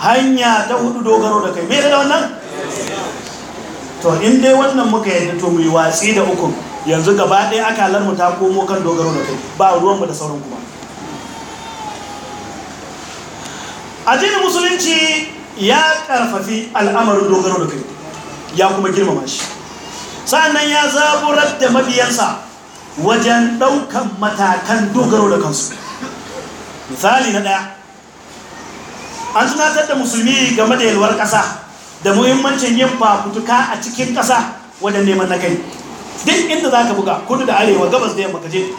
hanya ta hudu dogaro da kai mai da wannan to in dai wannan muka yadda to mu yi watsi da ukun yanzu gaba ɗaya akalar mu ta komo kan dogaro da kai ba ruwan mu da sauran kuma addinin musulunci ya ƙarfafi al'amarin dogaro da kai ya kuma girmama shi sa'annan ya zaburar da mabiyansa wajen ɗaukan matakan dogaro da kansu misali na ɗaya an tunatar da musulmi game da yalwar ƙasa da muhimmancin yin fafutuka a cikin ƙasa wajen neman na kai duk inda za ka buga kudu da arewa gabas da yamma kaje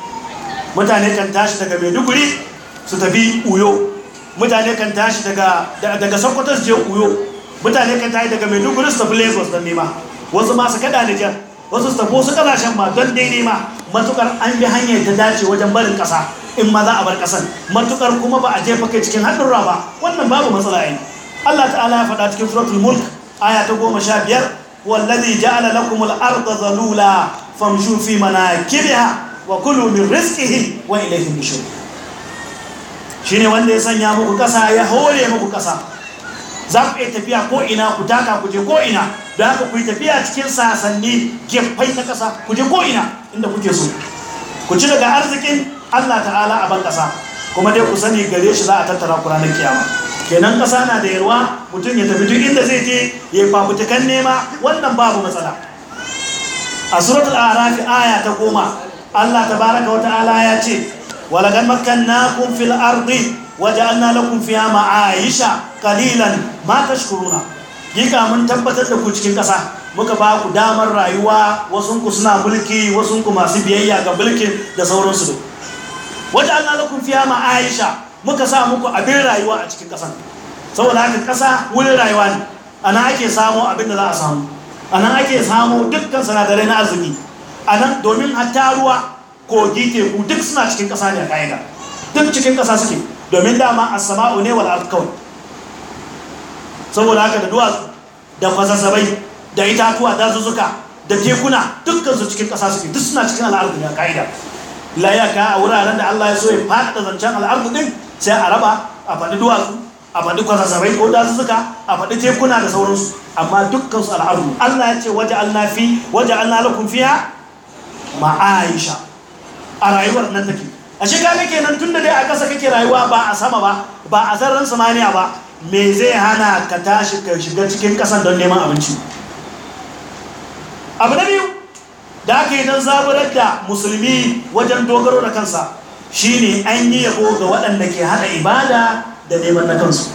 mutane kan tashi daga maiduguri su tafi uyo mutane kan tashi daga sokoto su je uyo mutane kan yi daga maiduguri su tafi lagos don nema wasu ma su da jar. wasu su tafi wasu kasashen ma don dai nema matukar an bi hanyar ta dace wajen barin kasa in ma za a bar kasan matukar kuma ba a jefa kai cikin haɗin ba wannan babu matsala yi allah ta'ala ya faɗa cikin suratul mulk aya ta goma sha biyar wallazi ja'ala lakum al-ardha zalula famshu fi manakibiha wa kulu min rizqihi wa ilayhi nushur shine wanda ya sanya muku kasa ya hore muku kasa za ku iya tafiya ko ina ku taka ku je ko ina da haka ku yi tafiya cikin sasanni fai ta ƙasa ku je ko ina inda kuke so ku ci daga arzikin Allah ta'ala a ban ƙasa kuma dai ku sani gare shi za a tattara ku ranar kiyama kenan ƙasa na da yarwa mutum ya tafi duk inda zai je ya fafutukan nema wannan babu matsala a suratul arafi aya ta goma Allah tabaraka wa ta'ala ya ce walagan makkannakum fil ardi waja'alna lakum fiha ma'aisha qalilan ma tashkuruna yika mun tabbatar da ku cikin ƙasa, muka ba ku damar rayuwa wasun ku suna mulki wasun ku masu biyayya ga mulkin da sauransu ne waja'alna lakum fiha Aisha, muka sa muku abin rayuwa a cikin kasan saboda haka kasa wurin rayuwa ne anan ake samu abin da za a samu anan ake samu dukkan sinadarai na azumi anan domin hatta ruwa kogi teku duk suna cikin kasa ne a ka'ida duk cikin kasa suke domin dama a sama'u ne wal kawai saboda haka da duwatsu da kwazazzabai da itatuwa da zuzuka da tekuna dukkan su cikin ƙasa suke duk suna cikin al'ardu ne ka'ida la ya ka a wuraren da Allah ya so ya faɗaɗa zancen al'ardu ɗin, sai a raba a faɗi duwatsu a faɗi kwazazzabai ko da dazuzzuka a faɗi tekuna da sauransu amma dukkan su al'ardu Allah ya ce waje Allah fi waje Allah lakum fiha ma'aisha a rayuwar nan take A shiga ka nan tun da dai a ƙasa kake rayuwa ba a sama ba ba a zarar samaniya ba me zai hana ka tashi ka shiga cikin ƙasan don neman abinci abu na biyu da aka yi don zaburar da musulmi wajen dogaro da kansa shine an yi yabo ga waɗanda ke haɗa ibada da neman na kansu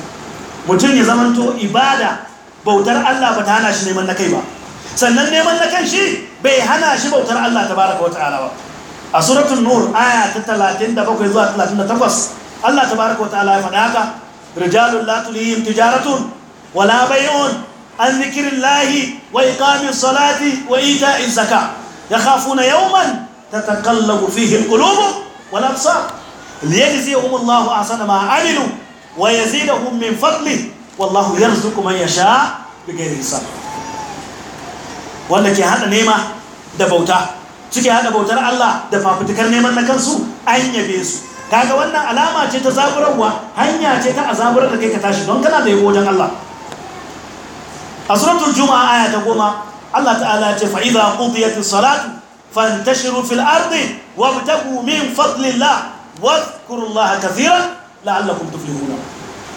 mutum ya zamanto ibada bautar Allah ba ta hana shi neman na kai ba sannan neman na kan shi bai hana shi bautar Allah ta baraka wata ala ba a suratun nur aya ta bakwai zuwa takwas. Allah tabaraka wataala ya faɗa haka Rijalun la tijaratun wala bay'un an zikrillahi wa iqamis salati wa ta zakat yakhafuna yawman tataqallabu fihi alqulub zai absar liyajziyahum a sana ma aminu. wa yazidahum min fadlihi wallahu yarzuqu man yasha bighairi sa. wanda ke hada nema da bauta suke haɗa bautar Allah da fafutukar neman na kansu an yabe su kaga wannan alama ce ta zaburarwa hanya ce ta azaburar da kai ka tashi don kana da yabo wajen Allah a suratul juma'a aya ta goma Allah ta'ala ya ce fa idza qudiyatis salatu fantashiru fil ardi wabtagu min fadlillah wadhkurullaha kathiran la'allakum tuflihuna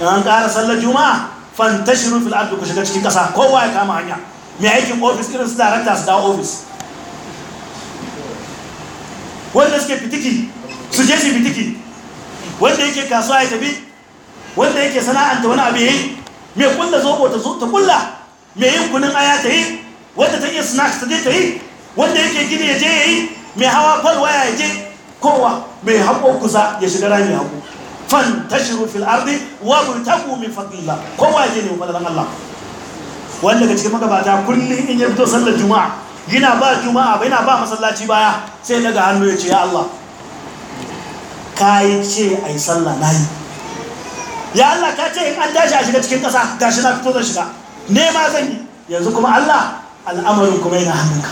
an ƙara sallar juma'a fantashiru fil ardi ku shiga cikin ƙasa kowa ya kama hanya mai aikin ofis irin su darakta su da ofis wanda suke fitiki su je su fitiki wanda yake kasuwa ya tafi wanda yake sana'anta wani abu yayi mai kulla zobo ta ta kulla mai yin kunin aya ta yi wanda ta iya snacks ta je ta yi wanda yake gini ya je ya yi mai hawa falwa ya je kowa mai haƙo kusa ya shiga rami haƙo fantashiru fil ardi wa bultaku min fadlillah kowa ya je ne fadlan Allah wanda daga cikin magabata kunne in ya fito sallar juma'a yana ba juma'a ba yana ba masallaci baya sai daga hannu ya ce ya Allah ka yi ce a yi sallah na yi ya Allah ka ce in an tashi a shiga cikin ƙasa shi na fito da shiga nema zan yi yanzu kuma Allah al'amarin kuma yana hannunka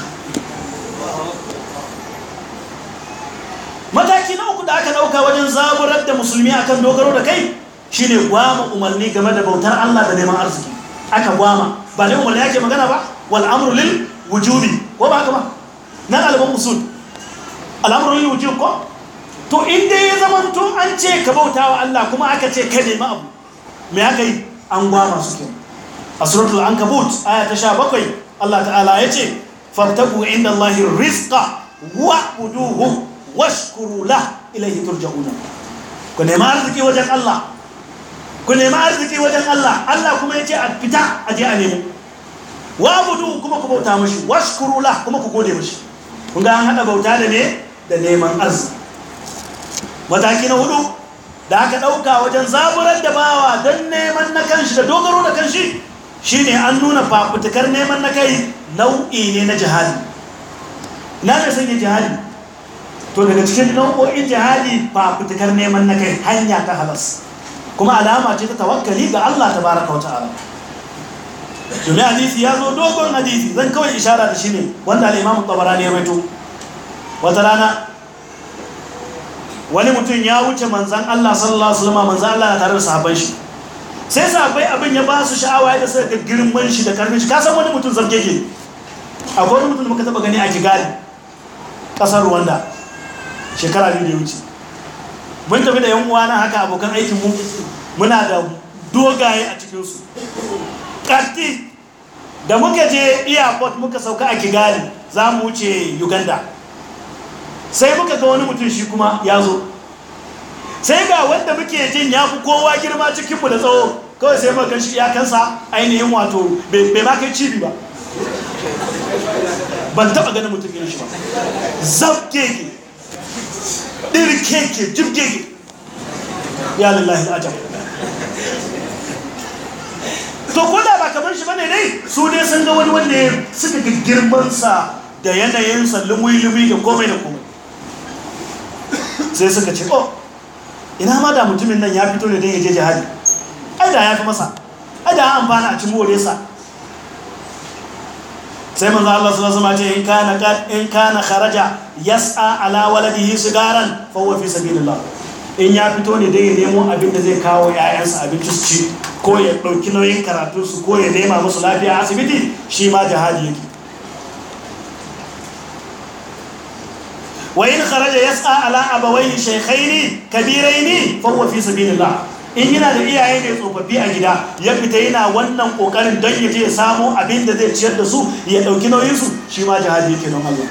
mataki na uku da aka ɗauka wajen zaburar da musulmi akan dogaro da kai shine gwama umarni game da bautar Allah da neman arziki aka gwama ba ne umarni ake magana ba wal lil wujubi ko ba haka ba na ɗaliban usul al'amuran wujub ko to inda ya zamanto an ce ka bauta wa Allah kuma aka ce ka nemi abu me aka yi an gwama su ke a suratul ankabut aya ta sha bakwai Allah ta'ala ya ce fartaku inda Allah rizqa wa uduhu washkuru la ilaihi turja'una ku nemi arziki wajen Allah ku nemi arziki wajen Allah Allah kuma ya ce a fita a je a nemo wa budu kuma ku bauta mashi washkuru lah kuma ku gode mashi kun ga an hada bauta da ne da neman arziki mataki na hudu da aka dauka wajen zaburar da bawa don neman na kanshi da dogaro da kanshi shine an nuna fafutukar neman na kai nau'i ne na jihadi na da sanya jihadi to daga cikin nau'o'in jihadi fafutukar neman na kai hanya ta halas kuma alama ce ta tawakkali ga Allah tabaraka wa ta'ala domin hadisi ya zo dogon hadisi zan kawai ishara da shi ne wanda al'imamu tabara ne rawaito wata rana wani mutum ya wuce manzan Allah sallallahu alaihi wasallam manzan Allah na tare da sahabban shi sai sahabbai abin ya ba su sha'awa ya suka ga girman shi da karfin shi ka wani mutum ke akwai wani mutum da muka taba gani a Kigali kasar Rwanda shekara biyu da ya wuce mun tafi da yan uwa na haka abokan aikin mu muna da dogaye a cikin su ƙarti da muka je airport muka sauka a kigali za mu wuce uganda sai muka ga wani mutum shi kuma ya zo sai ga wanda muke jin ya fi kowa girma cikinmu da tsawo kawai sai muka shi ya kansa ainihin wato bai ma cibi ba ban taba ganin mutum irin shi ba zabgege ɗirkeke jirgege ya lillahi to ko da ba kamar shi bane dai su ne sun ga wani wanda ya suka ga girmansa da sa lumi-lumi da komai da komai sai suka ce oh ina ma da mutumin nan ya fito ne don ya je jihadi ai da ya fi masa ai da an amfana a cikin wore sa sai manzo Allah sallallahu alaihi wasallam ce in kana in kana kharaja yas'a ala waladihi sigaran fa huwa fi sabilillah in ya fito ne dai ya nemo abin da zai kawo ‘ya'yansa abinci su ci ko ya ɗauki nauyin su ko ya nema musu lafiya a asibiti shi ma jihadi yake wa in kharaja yas'a ala abawayhi shaykhaini kabiraini fa huwa fi sabilillah in yana da iyaye ne tsofaffi a gida ya fita yana wannan kokarin don ya je ya samo abin da zai ciyar da su ya dauki nauyin su shi ma jihadi yake don Allah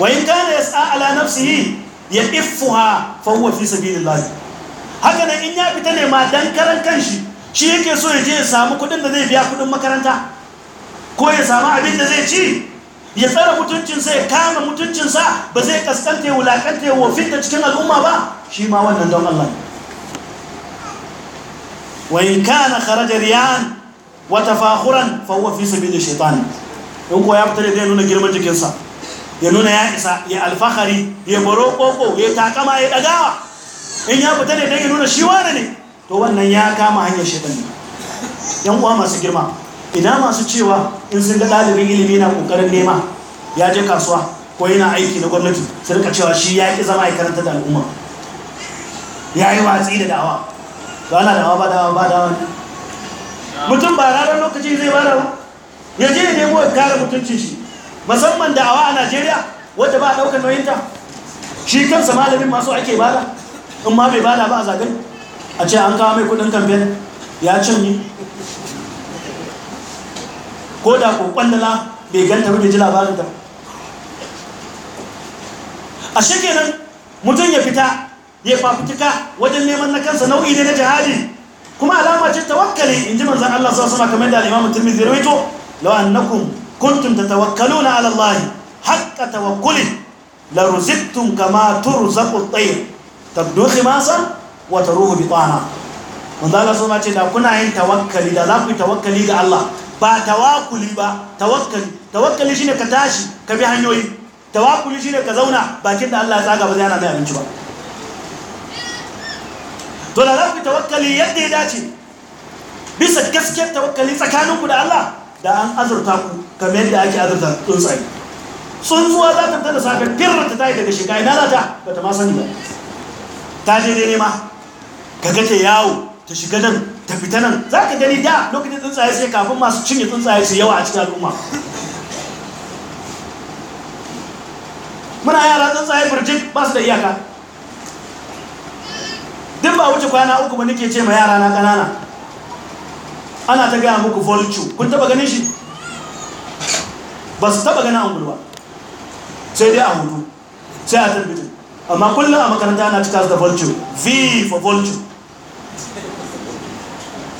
wa in kana yas'a ala nafsihi ya iffuha fa fi sabilillah haka nan in ya fita ne ma dan karan kanshi shi yake so ya je ya samu kudin da zai biya kudin makaranta ko ya samu abin da zai ci ya tsara mutuncinsa ya kama mutuncinsa ba zai kaskanta ya wulakanta ya wofin da cikin al'umma ba shi ma wannan don Allah wa in kana kharaja riyan wa tafakhuran fa huwa fi sabili shaytan in ko ya fita ne zai nuna girman jikinsa ya nuna ya isa ya alfahari ya baro koko ya takama ya dagawa in ya fita ne don ya nuna shi ne to wannan ya kama hanyar shaitan ne yan uwa masu girma ina masu cewa in sun ga ɗalibin ilimi na ƙoƙarin nema ya je kasuwa ko yana aiki na gwamnati su rika cewa shi ya ƙi zama ya da al'umma ya yi watsi da dawa ba na dawa ba dawa ba dawa mutum ba ranar lokaci zai ba da ya je ya nemo ya kare mutuncin shi musamman da awa a najeriya wadda ba a nauyin ta shi kansa malamin masu ake bada in ma bai bada ba a zagen a ce an kawo mai kudin kamfen ya cinye ko da ko kwallala bai ganta bai ji labarin ta? a nan mutum ya fita ya fafutuka wajen neman na kansa nau'i ne na jihadi kuma alama ce tawakkali in ji manzan Allah sa suna kamar da al'imamu turmi zirwaito lawa annakum kuntum tatawakkaluna ala Allah haqqa tawakkuli la ruzqtum kama turzaqu at-tayr tabdu khimasa wa taruhu bitana wanda Allah sun ce da kuna yin tawakkali da za ku yi tawakkali ga Allah ba tawakuli ba tawakkali tawakkali shine ka tashi ka bi hanyoyi tawakuli shine ka zauna bakin da Allah ya tsaga ba zai ana mai abinci ba to da za ku yi tawakkali yadda ya dace bisa gaskiyar tawakkali tsakaninku da Allah da an azurta ku kamar yadda ake azurta tsuntsaye tsuntsuwa za ta fita da safe firar ta yi daga shiga ina za ta ba ta ma sani ba ta je dai nema ka gaje yawo ta shiga nan ta fita nan za ka gani da lokacin tsuntsaye sai kafin masu cinye tsuntsaye su yawa a cikin al'umma muna yara tsuntsaye birjik ba su da iyaka duk ba wuce kwana uku ba nake ce ma yara na ƙanana ana ta gaya muku volcho, kun taba ganin shi ba su taba gana angulu ba sai dai a hudu sai a talbitin amma kullum a makaranta na cikas da volcu v for volcu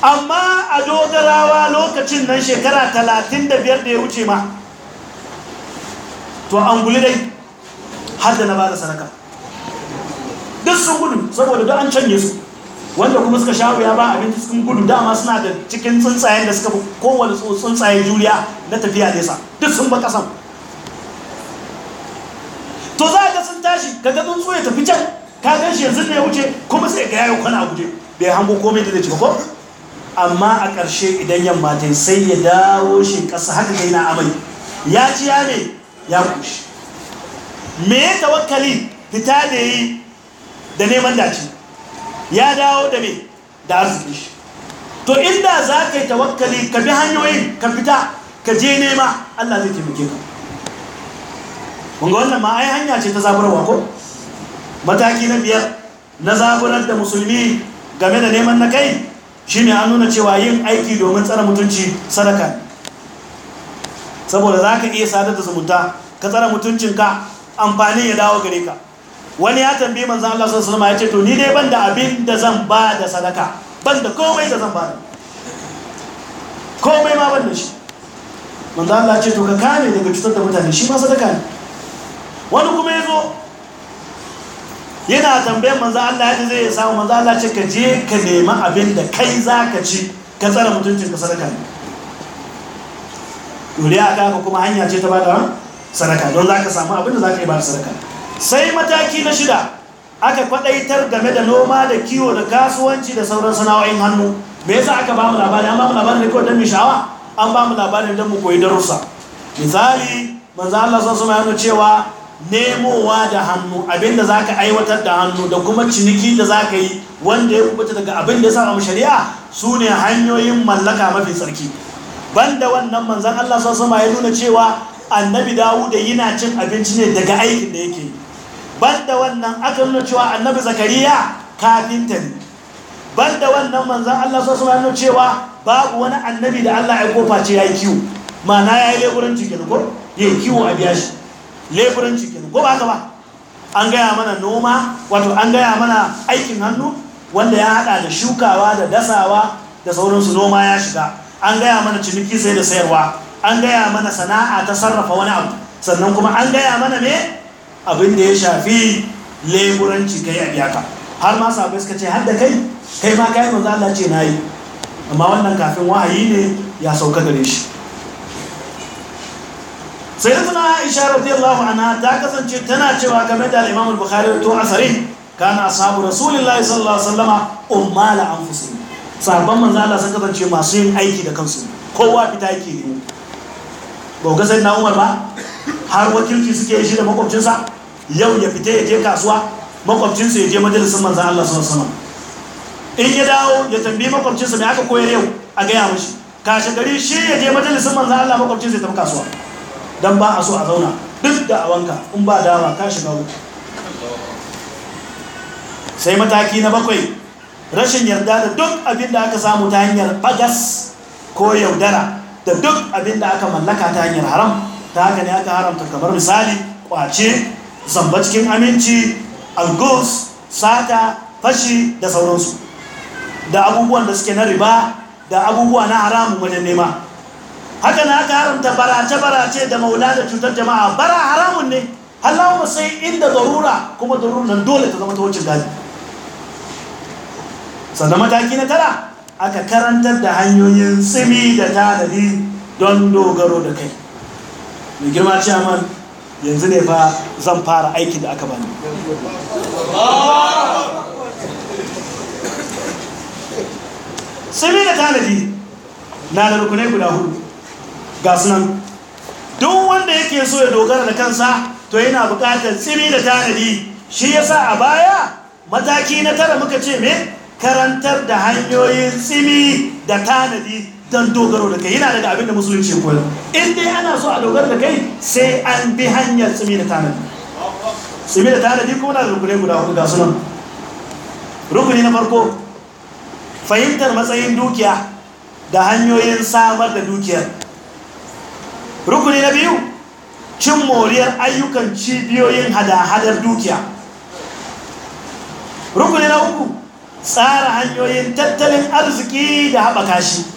amma a dogarawa lokacin nan shekara talatin da biyar da ya wuce ma to guli dai har da na ba da sadaka duk sun gudu saboda duk an canje su wanda kuma suka sha wuya ba abinci sun gudu dama suna da cikin tsuntsayen da suka fi kowane tsuntsayen juriya na tafiya nesa duk sun ba kasan to za ka sun tashi ka ga tsuntsu ya tafi can ka gan shi yanzu ne wuce kuma sai ga yayo kana guje bai hango komai da zai ko amma a ƙarshe idan yamma ta sai ya dawo shi ƙasa haka kai na amai ya ci ya ne ya kushi me ya tawakkali fita da yi da neman dace ya dawo da me da arziki shi to inda za ka yi tawakkali ka bi hanyoyin ka fita ka je nema Allah zai taimake ka mun ga wannan ma ai hanya ce ta zaburarwa ko mataki na biyar na zaburar da musulmi game da neman na kai shi ne an nuna cewa yin aiki domin tsara mutunci sadaka saboda za ka iya sadar da zumunta ka tsara mutuncinka amfani ya dawo gare ka wani ya tambayi manzan Allah sun sulma ya ce to ni dai ban da abin da zan ba da sadaka ban da komai da zan ba da komai ma ban da shi manzan Allah ce to ka kame daga cutar da mutane shi ma sadaka ne wani kuma ya zo yana tambayin manzan Allah ya zai samu manzan Allah ya ce ka je ka nemi abin da kai za ka ci ka tsara mutuncin ka sadaka ne doriya ka kuma hanya ce ta ba da sadaka don za ka samu abin da za ka yi ba da sadaka sai mataki na shida aka kwadaitar game da noma da kiwo da kasuwanci da sauran sana'o'in hannu me yasa aka bamu labari an bamu labarin ne kawai don mishawa sha'awa an bamu labarin don mu koyi darussa misali manzo Allah sun alaihi yana cewa nemowa da hannu abinda zaka aiwatar da hannu da kuma ciniki da zaka yi wanda ya kubuta daga abin da ya saba shari'a sune hanyoyin mallaka mafi tsarki banda wannan manzon Allah sun alaihi ya nuna cewa annabi Dawud yana cin abinci ne daga aikin da yake yi banda wannan aka nuna cewa annabi zakariya kafinta ne banda wannan manzan Allah sosu ma nuna cewa babu wani annabi da Allah ya kofa ce ya yi kiwo mana ya yi leburan cikin ko ya yi kiwo a biya shi leburan cikin ko ba ka ba an gaya mana noma wato an gaya mana aikin hannu wanda ya hada da shukawa da dasawa da sauransu noma ya shiga an gaya mana ciniki sai da sayarwa an gaya mana sana'a ta sarrafa wani abu sannan kuma an gaya mana me abin da ya shafi leburanci kai a biyaka har ma sabai suka ce har da kai kai ma kai manzo Allah ce nayi amma wannan kafin wahayi ne ya sauka gare shi Sai sayyidatuna Aisha radiyallahu anha ta kasance tana cewa game da Imam al-Bukhari to kana ashabu rasulillahi sallallahu alaihi wasallama ummala kasance masu yin aiki da kansu kowa fita yake ne ba ga sai na Umar ba har wakilci suke shi da makwabcinsa yau ya fita ya je kasuwa makwabcinsa ya je majalisar manzan Allah sun sama in ya dawo ya tambayi makwabcinsa me aka koyar yau a gaya mashi kashe gari shi ya je majalisar manzan Allah makwabcinsa ya tafi kasuwa don ba a so a zauna duk da a wanka in ba dawa ka shiga uku sai mataki na bakwai rashin yarda da duk abin da aka samu ta hanyar bagas ko yaudara da duk abin da aka mallaka ta hanyar haram ta haka ne aka haramta kamar misali kwace zamba cikin aminci algos sata fashi da sauransu da abubuwan da suke na riba da abubuwa na haramun wajen nema haka ne aka haramta barace-barace da maula da cutar jama'a bara haramun ne halawa sai inda zarura kuma zarura nan dole ta zama ta wucin gani sannan mataki na tara aka karantar da hanyoyin tsimi da tanadi don dogaro da kai mai girma ciyaman yanzu ne fa zan fara aikin da aka bani sai da tanadi na da rukunai guda hudu ga sunan duk wanda yake so ya dogara da kansa to yana bukatar tsiri da tanadi shi yasa a baya mataki na tara muka ce me karantar da hanyoyin tsimi da tanadi don dogaro da kai yana daga abin da musulunci ya in dai ana so a dogara da kai sai an bi hanyar tsimi da tanadi tsimi da tanadi kuma na rukunai guda hudu ga sunan rukuni na farko fahimtar matsayin dukiya da hanyoyin samar da dukiya rukuni na biyu cin moriyar ayyukan cibiyoyin hada-hadar dukiya rukuni na uku tsara hanyoyin tattalin arziki da haɓaka shi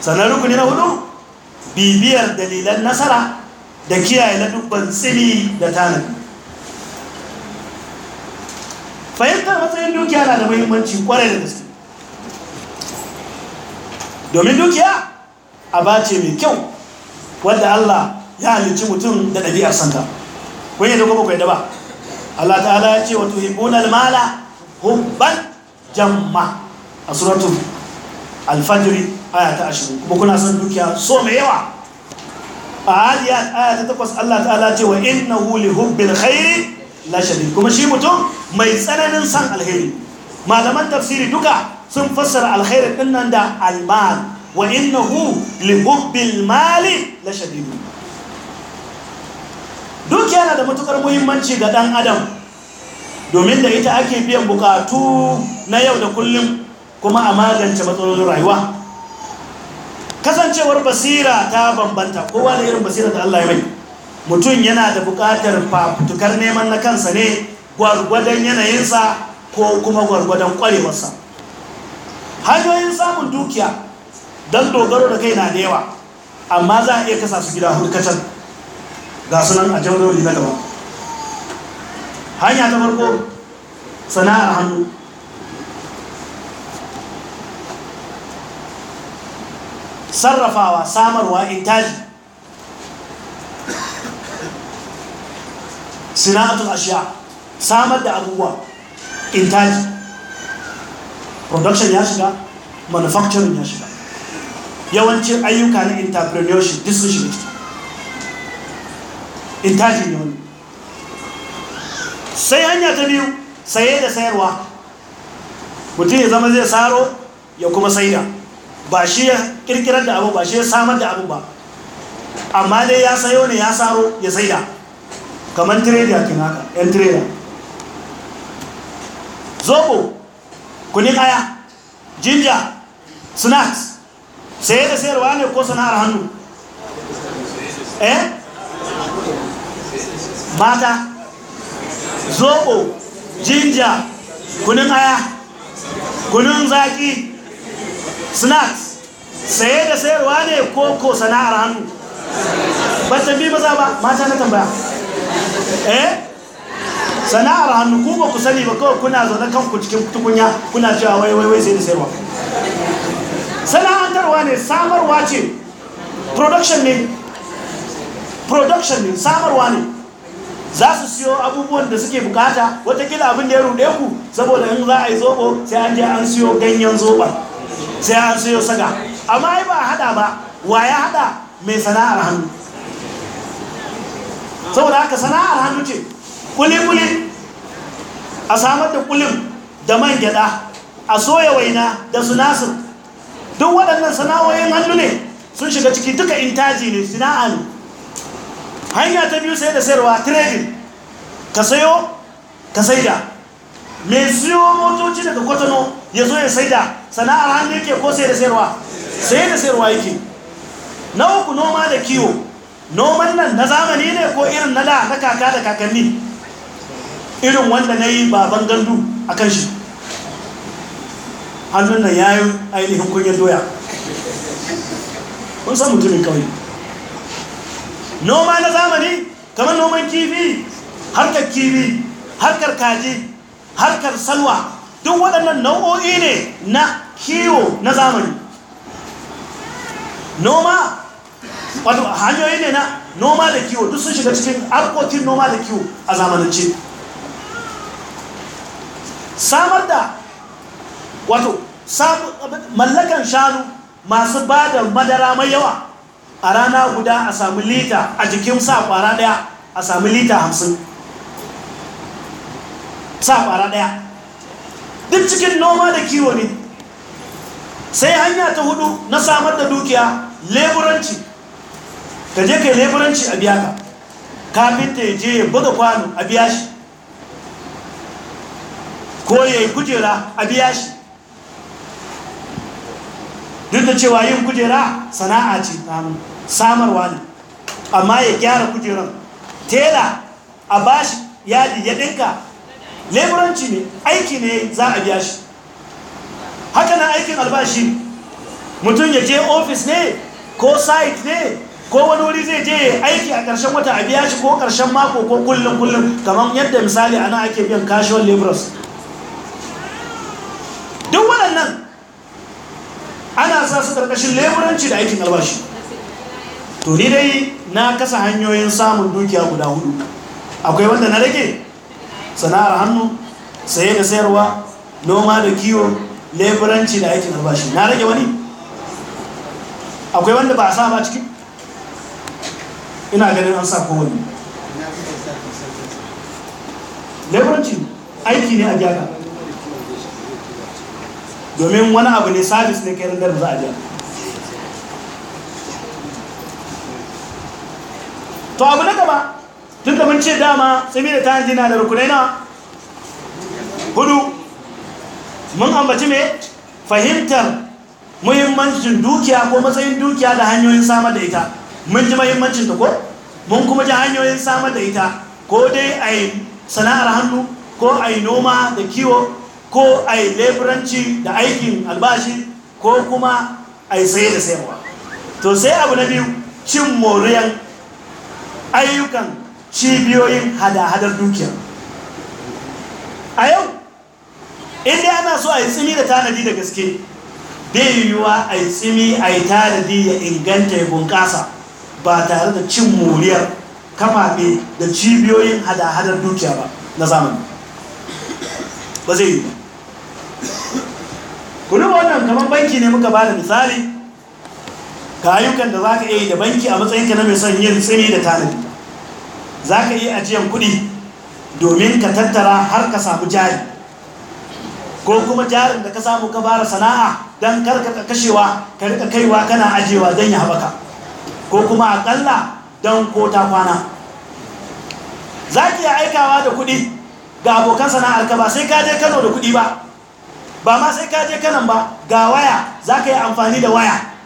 sannan rukuni na hudu bibiyar dalilan nasara da kiyaye na dubban tsili da tanadi fahimtar matsayin dukiya na da muhimmanci kwarai da gaske domin dukiya a bace mai kyau wadda Allah ya halicci mutum da ɗabi'ar santa kun yi da kuma kwaida ba Allah ta'ala ya ce wato hibbunan mala hubban jamma a suratun alfajiri aya ta ashirin kuma kuna son dukiya so mai yawa a hali aya ta takwas Allah ta'ala ce wa ina li hubbin khairi la kuma shi mutum mai tsananin san alheri malaman tafsiri duka sun fassara alheri din nan da almal wa innahu li hubbin mali la dukiya na da matukar muhimmanci ga ɗan adam domin da ita ake biyan bukatu na yau da kullum kuma a magance matsalolin rayuwa kasancewar basira ta bambanta kowa da irin basira da Allah ya mai mutum yana da buƙatar fafutukar neman na kansa ne gwargwadon yanayinsa ko kuma gwargwadon kwarewarsa hanyoyin samun dukiya don dogaro da kai na da yawa amma za a iya kasa su gida hulkacin ga sunan a jamurori na gaba hanya ta farko sana'ar hannu sarrafawa samarwa intaji sina'atul ashiya samar da abubuwa intaji production ya shiga manufacturing ya shiga yawancin ayyuka na entrepreneurship duk sun shiga intaji ne wani sai hanya ta biyu saye da sayarwa mutum ya zama zai saro ya kuma saida ba shi ya kirkirar da abu ba shi ya samar da abu ba amma dai ya sayo ne ya saro ya saida kamar trader kin haka yan trader zobo kuni kaya jinja snacks saye da sayarwa ne ko sana'ar hannu eh mata zobo jinja kunin aya kunin zaki snacks saye da sayarwa ne ko ko sana'ar hannu ba ta bi maza ba mata na tambaya eh sana'ar hannu ku ba ku sani ba kawai kuna zaune kanku cikin tukunya kuna cewa wai wai wai sai da sayarwa sana'antarwa ne samarwa ce production ne production ne samarwa ne za su siyo abubuwan da suke bukata watakila abin da ya rude ku saboda in za a yi zobo sai an je an siyo ganyen zoban sai an sayo saga amma ai ba a hada ba wa ya hada mai sana'ar hannu saboda haka sana'ar hannu ce kuli-kuli a samar da kulin da man gyada a soya waina da su nasir duk waɗannan sana'o'in hannu ne sun shiga ciki duka intaji ne sana'a ne hanya ta biyu sai da sayarwa trading ka sayo ka saida mai siyo motoci daga kwatano ya zo ya sai da sana'ar hannu yake ko sai da sayarwa sai da sayarwa yake na uku noma da kiwo noman nan na zamani ne ko irin na da na kaka da kakanni irin wanda na yi baban gandu a kan shi hannun nan ya yi ainihin kunyar doya kun san mutumin kawai noma na zamani kamar noman kifi harkar kifi harkar kaji harkar salwa duk waɗannan nau'o'i ne na kiwo na zamani noma wato hanyoyi ne na noma da kiwo duk sun shiga cikin harkokin noma da kiwo a zamanance samar da wato mallakan shanu masu ba da madara mai yawa a rana guda a sami lita a jikin sa kwara daya a sami lita hamsin sa fara ɗaya duk cikin noma da kiwo ne sai hanya ta hudu na samar da dukiya leburanci ka je kai leburanci a biya ka kafinta ya je ya buga kwano a biya shi ko ya yi kujera a biya shi duk da cewa yin kujera sana'a ce samarwa ne amma ya gyara kujeran tela a bashi yadi ya dinka leburanci ne aiki ne za a biya shi haka na aikin albashi mutum ya je ofis ne ko site ne ko wani wuri zai je aiki a ƙarshen wata a biya shi ko ƙarshen mako ko kullum kullum kamar yadda misali ana ake biyan casual laborers duk waɗannan ana sa su ƙarƙashin leburanci da aikin albashi to ni dai na kasa hanyoyin samun dukiya guda hudu akwai wanda na rage sana'ar hannu saye da sayarwa noma da kiwo leburanci da aikin albashi na rage wani akwai wanda ba a sa ba ciki ina ganin an sa kowane leburanci aiki ne a gyara domin wani abu ne sabis ne kayan da za a gyara to abu na gaba tunda mun ce dama tsimi da tahajji na da rukunai na hudu mun ambaci mai fahimtar muhimmancin dukiya ko matsayin dukiya da hanyoyin samar da ita mun ji muhimmancin ta ko mun kuma ji hanyoyin samar da ita ko dai a yi sana'ar hannu ko a yi noma da kiwo ko a yi leburanci da aikin albashi ko kuma a yi saye da sayarwa to sai abu na biyu cin moriyan ayyukan cibiyoyin hada-hadar dukiya. a yau in dai ana so a yi tsimi da tanadi da gaske bai yiwuwa a yi tsimi a yi tanadi ya inganta ya bunƙasa ba tare da cin moriyar kamaɓe da cibiyoyin hada-hadar dukiya ba na zamani ba zai yi ku wannan kamar banki ne muka ba da misali ka ayyukan da za ka iya yi da banki a matsayinka na mai son yin tsimi da tanadi za ka yi ajiyan kuɗi domin ka tattara har ka samu jari ko kuma jarin da ka samu ka fara sana'a don karka kashewa ka rika kaiwa kana ajiyewa don ya haɓaka ko kuma akalla don ko ta kwana za ki yi aikawa da kuɗi ga abokan sana'ar ka ba sai ka je kano da kuɗi ba ba ma sai ka je kanan ba ga waya za ka yi amfani da waya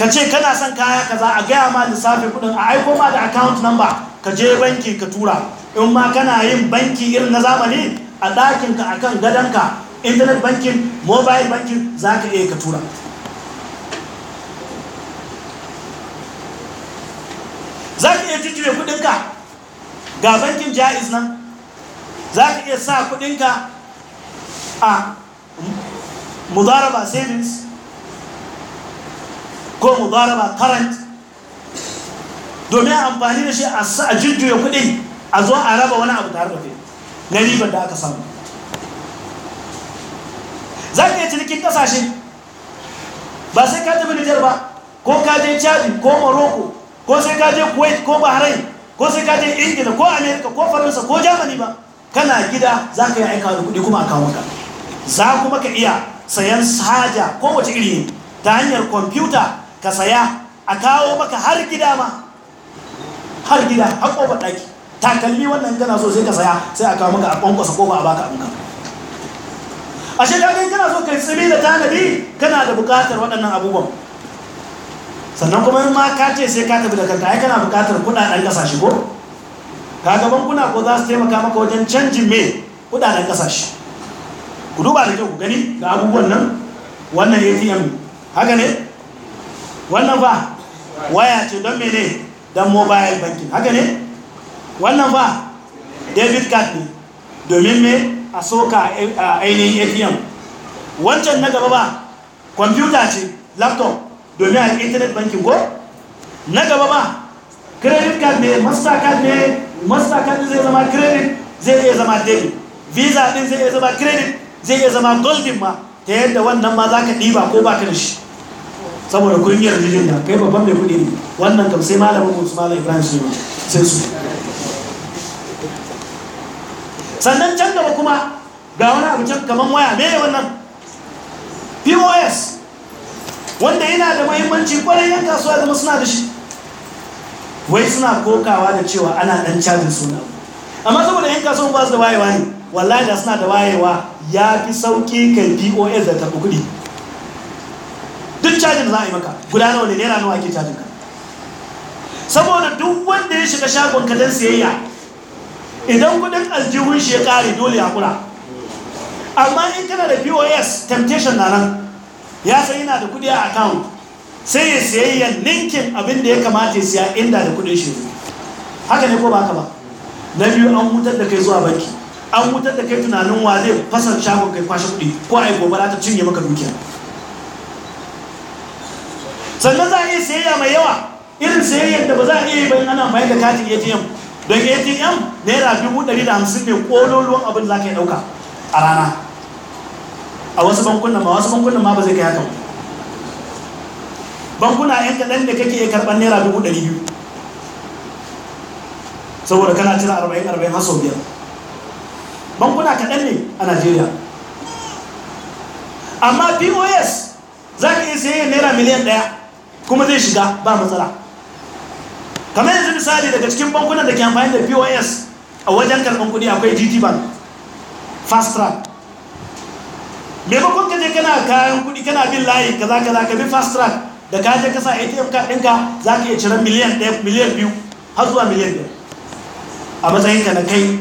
ka ce kana son kaya kaza a gaya ma lissafi kudin a aiko ma da account number ka je banki ka tura in ma kana yin banki irin na zamani a ɗakinka akan gadon gadonka internet bankin mobile bankin za ka iya ka tura za ka iya jujjuya kudinka ga bankin jaiz nan za ka iya sa kudinka a mudaraba savings ko ba current domin amfani da shi a jujjuya kuɗi a zo a raba wani abu tare da kai na ribar da aka samu za ka yi cinikin ƙasashe ba sai ka tafi Nijar ba ko ka je Chadi ko Morocco ko sai ka je Kuwait ko Bahrain ko sai ka je Ingila ko America ko Faransa ko Germany ba kana gida za ka yi aika da kuɗi kuma a kawo za kuma ka iya sayan saja ko wace iri ta hanyar kwamfuta ka saya a kawo maka har gida ma har gida har ƙofar ɗaki takalmi wannan kana so sai ka saya sai a kawo maka a ƙwanƙwasa ko ba a baka abinka ashe da kai kana so ka tsimi da tanadi kana da buƙatar waɗannan abubuwan sannan kuma in ma ka ce sai ka tafi da kanta ai kana buƙatar kuɗaɗen ƙasashe ko ka gaban kuna ko za su taimaka maka wajen canjin me kuɗaɗen ƙasashe ku duba da kyau ku gani ga abubuwan nan wannan atm haka ne wannan ba waya ce don mene don mobile banking haka ne wannan ba david card ne domin me a soka a ainihin atm wancan na gaba ba kwamfuta ce laptop domin a internet banking ko na gaba ba credit card ne master card ne master card zai zama credit zai iya zama debit visa din zai iya zama credit zai iya zama goldin ma ta yadda wannan ma za ka ɗiba ko ba ka da shi saboda kungiyar yarjejin da kai babban mai kuɗi ne wannan kam sai malamin musu malam ibrahim su sai su sannan can gaba kuma ga wani abu can kamar waya me wannan pos wanda yana da mahimmanci kwarai yan kasuwa zama suna da shi wai suna kokawa da cewa ana dan cajin suna amma saboda yan kasuwa ba su da wayewa ne wallahi da suna da wayewa ya fi sauƙi kai pos da tafi kuɗi duk cajin za a yi maka guda nawa ne nawa ake cajin ka saboda duk wanda ya shiga shagon ka don siyayya idan kudin aljihun shi ya kare dole ya kura amma in kana da pos temptation na nan ya san yana da kudi a account sai ya siyayya ninkin abin da ya kamata ya siya inda da kudin shi haka ne ko ba haka ba na biyu an hutar da kai zuwa banki an hutar da kai tunanin wa zai fasa shagon kai kwashe kudi ko a yi gobara ta cinye maka dukiya sannan za a iya siyayya mai yawa irin siyayyar da ba za a iya bayan ana amfani da katin atm don atm naira dubu ɗari da hamsin ne kololuwan abin za ka yi ɗauka a rana a wasu bankunan ma wasu bankunan ma ba zai kai haka. bankuna yan kaɗan da kake karɓar naira dubu ɗari biyu saboda kana cire arba'in arba'in har sau biyar bankuna kaɗan ne a najeriya amma pos za ka iya sayayyar naira miliyan ɗaya kuma zai shiga ba matsala kamar yanzu misali daga cikin bankunan da ke amfani da pos a wajen karɓar kuɗi akwai gt bank fast track maimakon ka kana kayan kuɗi kana bin layi kaza kaza ka bi fast track da ka je kasa atm card ɗinka za ka iya cire miliyan ɗaya miliyan biyu har zuwa miliyan biyu. a matsayin ka na kai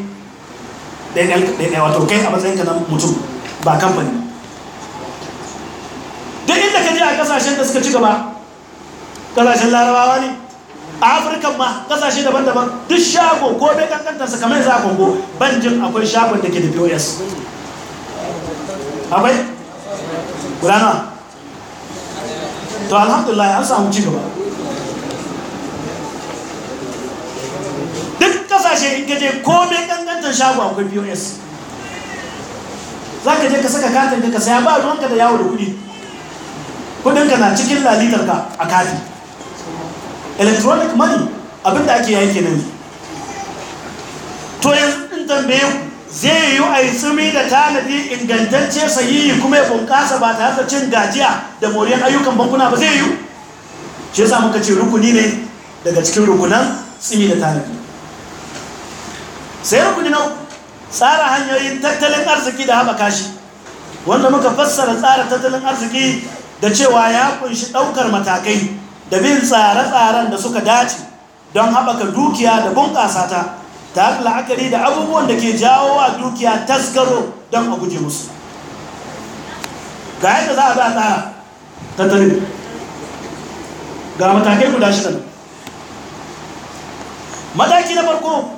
ɗaiɗaiɗaiɗai wato kai a matsayin ka na mutum ba kamfani duk inda ka je a ƙasashen da suka ci gaba kasashen larabawa ne a afirka ma kasashe daban-daban duk shago ko bai kankantarsa kamar yanzu a kongo banjin akwai shagon da ke da pos akwai gudana to alhamdulillah an samu ci gaba duk kasashe in gaje ko bai kankantar shago akwai pos za ka je ka saka katin ka saya ba ruwanka da yawo da kudi kudinka na cikin lalitarka a kati electronic money abinda ake yanke nan to yanzu in tambaye zai yi a yi tsumi da tanadi ingantacce sahihi kuma ya bunƙasa ba ta da cin gajiya da moriyar ayyukan bankuna ba zai yi shi yasa muka ce rukuni ne daga cikin rukunan tsimi da tanadi sai rukuni na tsara hanyoyin tattalin arziki da haɓaka shi wanda muka fassara tsara tattalin arziki da cewa ya kunshi ɗaukar matakai da bin tsare-tsaren da suka dace don haɓaka dukiya da bunƙasa ta ta la'akari da abubuwan da ke jawo wa dukiya taskaro don a guje musu ga yadda za a za a tsara tattalin ga matakai guda shidan mataki na farko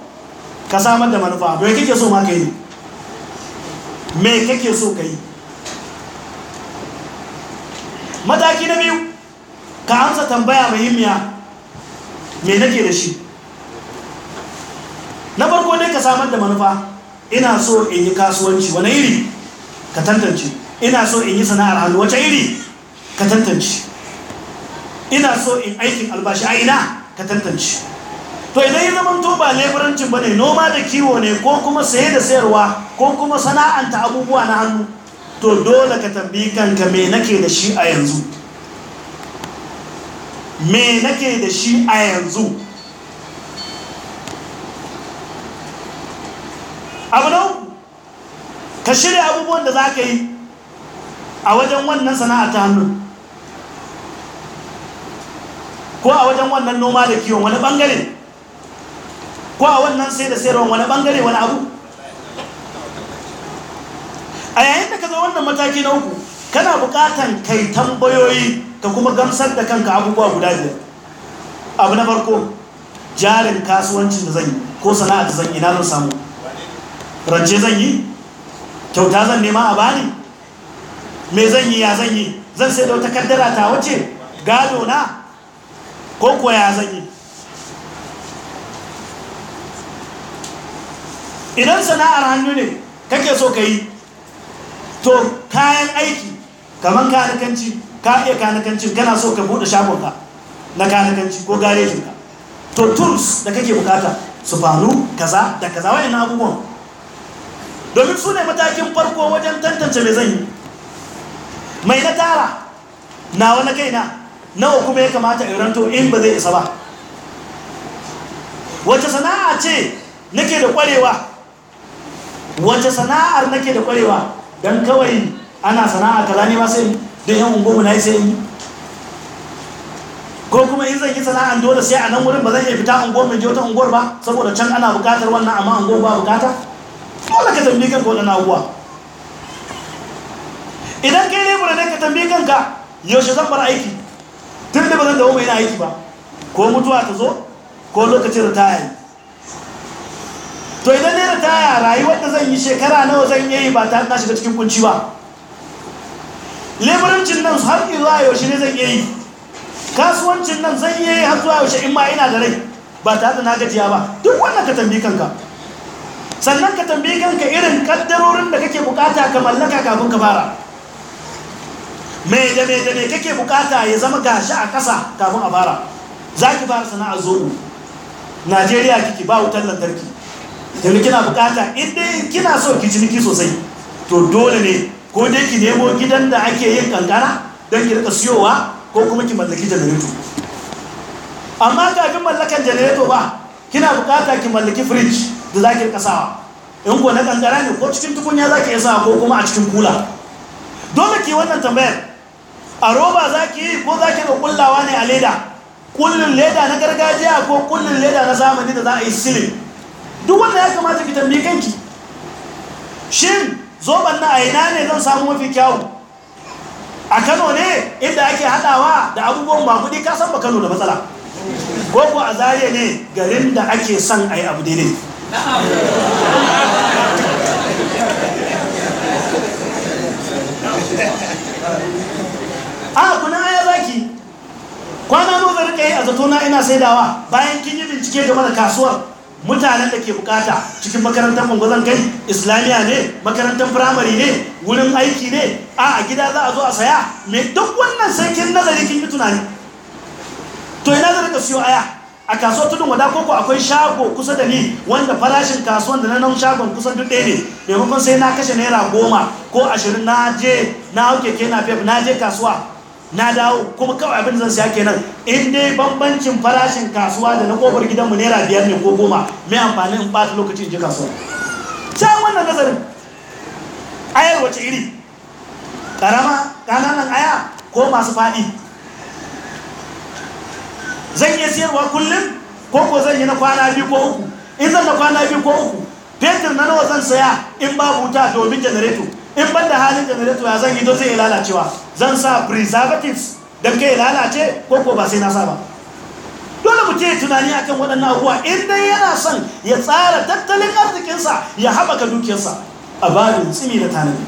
ka samar da manufa mai kake so ma ka yi mai kake so ka yi mataki na biyu ka amsa tambaya muhimmiya me nake da shi na farko dai ka samar da manufa ina so in yi kasuwanci wani iri ka tantance ina so in yi sana'ar hannu wace iri ka tantance ina so in aikin albashi a ina ka tantance to idan yi zaman to ba leburancin ba ne noma da kiwo ne ko kuma saye da sayarwa ko kuma sana'anta abubuwa na hannu to dole ka tambayi kanka me nake da shi a yanzu me nake da shi a yanzu abu na ka shirya abubuwan da za ka yi a wajen wannan sana'a ta hannun ko a wajen wannan noma da kiwon wani bangare ko a wannan sai da sayarwa wani bangare wani abu a yayin da ka zo wannan mataki na uku kana bukatan kai tambayoyi ta kuma gamsar da kanka abubuwa guda biyar abu na farko jarin kasuwancin da zan yi ko sana'a da zan yi na zan samu rance zan yi kyauta zan nema a bani me zan yi ya zan yi zan sai da wata kaddara ta wace gado na ko kuwa ya zan yi idan sana'ar hannu ne kake so ka yi to kayan aiki kamar kanikanci ka iya kanakanci kana so ka buɗe shagonka na kanakanci ko garejinka to tools da kake bukata su faru kaza da kaza na abubuwan domin su ne matakin farko wajen tantance mai zan mai na tara na wani kaina nawa kuma ya kamata a ranto in ba zai isa ba wace sana'a ce nake da kwarewa wace sana'ar nake da kwarewa don kawai ana sana'a kaza ne ba sai don yan unguwanmu na yi sai yi ko kuma in zan yi sana'an dole sai a nan wurin ba zan iya fita unguwar mai je wata unguwar ba saboda can ana bukatar wannan amma unguwar ba bukata dole ka tambi kanka wannan abubuwa idan kai ne ne ka tambi kanka yaushe zan bar aiki tun da ba zan dawo mai na aiki ba ko mutuwa ta zo ko lokacin ritaya to idan ne ritaya rayuwar da zan yi shekara nawa zan yi ba ta na shiga cikin kunci ba leburancin nan har zuwa yaushe ne zan yi kasuwancin nan zan iya yi har zuwa yaushe in ma ina da rai ba tare da na gajiya ba duk wannan ka tambayi kanka sannan ka tambayi kanka irin kaddarorin da kake bukata ka mallaka kafin ka fara mai da dame kake bukata ya zama gashi a kasa kafin a fara za ki fara sana'ar zobo. najeriya kiki ba wutar lantarki yanzu kina bukata idan kina so ki ciniki sosai to dole ne ko dai ki nemo gidan da ake yin kankara don ki rika siyowa ko kuma ki mallaki janareto amma kafin mallakan janareto ba kina bukata ki mallaki fridge da za ki rika sawa in ko na kankara ne ko cikin tukunya za ki iya sawa ko kuma a cikin kula dole ki wannan tambayar a roba za ki yi ko za ki ga kullawa ne a leda kullun leda na gargajiya ko kullun leda na zamani da za a yi silin duk wanda ya kamata ki tambayi kanki shin zoban na a ina ne zan samu mafi kyawu a kano ne inda ake haɗawa da abubuwan ba ka san ba kano da matsala gogo a zariya ne garin da ake son a yi abu daidai a kuna aya zaki kwana nufin rika yi a na ina saidawa bayan kin yi bincike game da kasuwar mutanen da ke bukata cikin makarantar ungozan kai islamiyya ne makarantar firamare ne wurin aiki ne a a gida za a zo a saya mai duk wannan sarkin nazari kin yi tunani to ina zai rika siyo aya a kasuwar tudun wada koko akwai shago kusa da ni wanda farashin kasuwan da na nan shagon kusa duk ɗaya ne maimakon sai na kashe naira goma ko ashirin na je na hauke ke na fef na je kasuwa na dawo kuma kawai abin zan siya kenan in dai bambancin farashin kasuwa da na kofar gidanmu naira biyar ne ko goma mai amfani in ɓata lokacin je kasuwa can wannan nazarin ayar wace iri Karama, ƙananan aya ko masu faɗi zan iya siyarwa kullum ko ko zan yi na kwana biyu ko uku in zan na kwana biyu ko uku fetur na nawa zan saya in babu wuta domin janareto in ban da halin janareto ya zan yi don zai lalacewa zan sa preservatives don kai lalace ko ko ba sai na sa ba dole mu ce tunani akan waɗannan abuwa in yana son ya tsara tattalin arzikinsa ya haɓaka dukiyarsa a babin tsimi da tanadi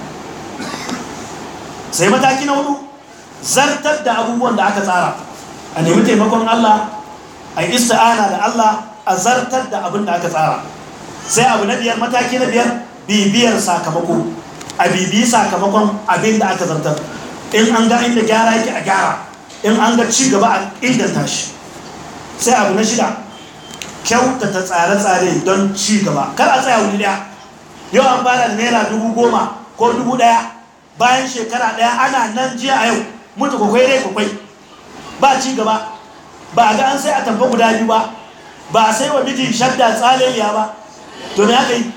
sai mataki na hudu zartar da abubuwan da aka tsara a nemi taimakon Allah a ista'ana da Allah a zartar da abin da aka tsara sai abu na biyar mataki na biyar bibiyar sakamako a bibi sakamakon abin da aka zartar in an ga inda gyara yake a gyara in an ga ci gaba a inganta shi sai abu na shida kyautata tsare-tsare don ci gaba kar a tsaya wuri daya yau an fara da naira dubu goma ko dubu daya bayan shekara daya ana nan jiya a yau mutu kwakwai dai kwakwai ba ci gaba ba a ga an sai a tamfa guda biyu ba ba a sai wa miji shadda tsaleliya ba to me aka yi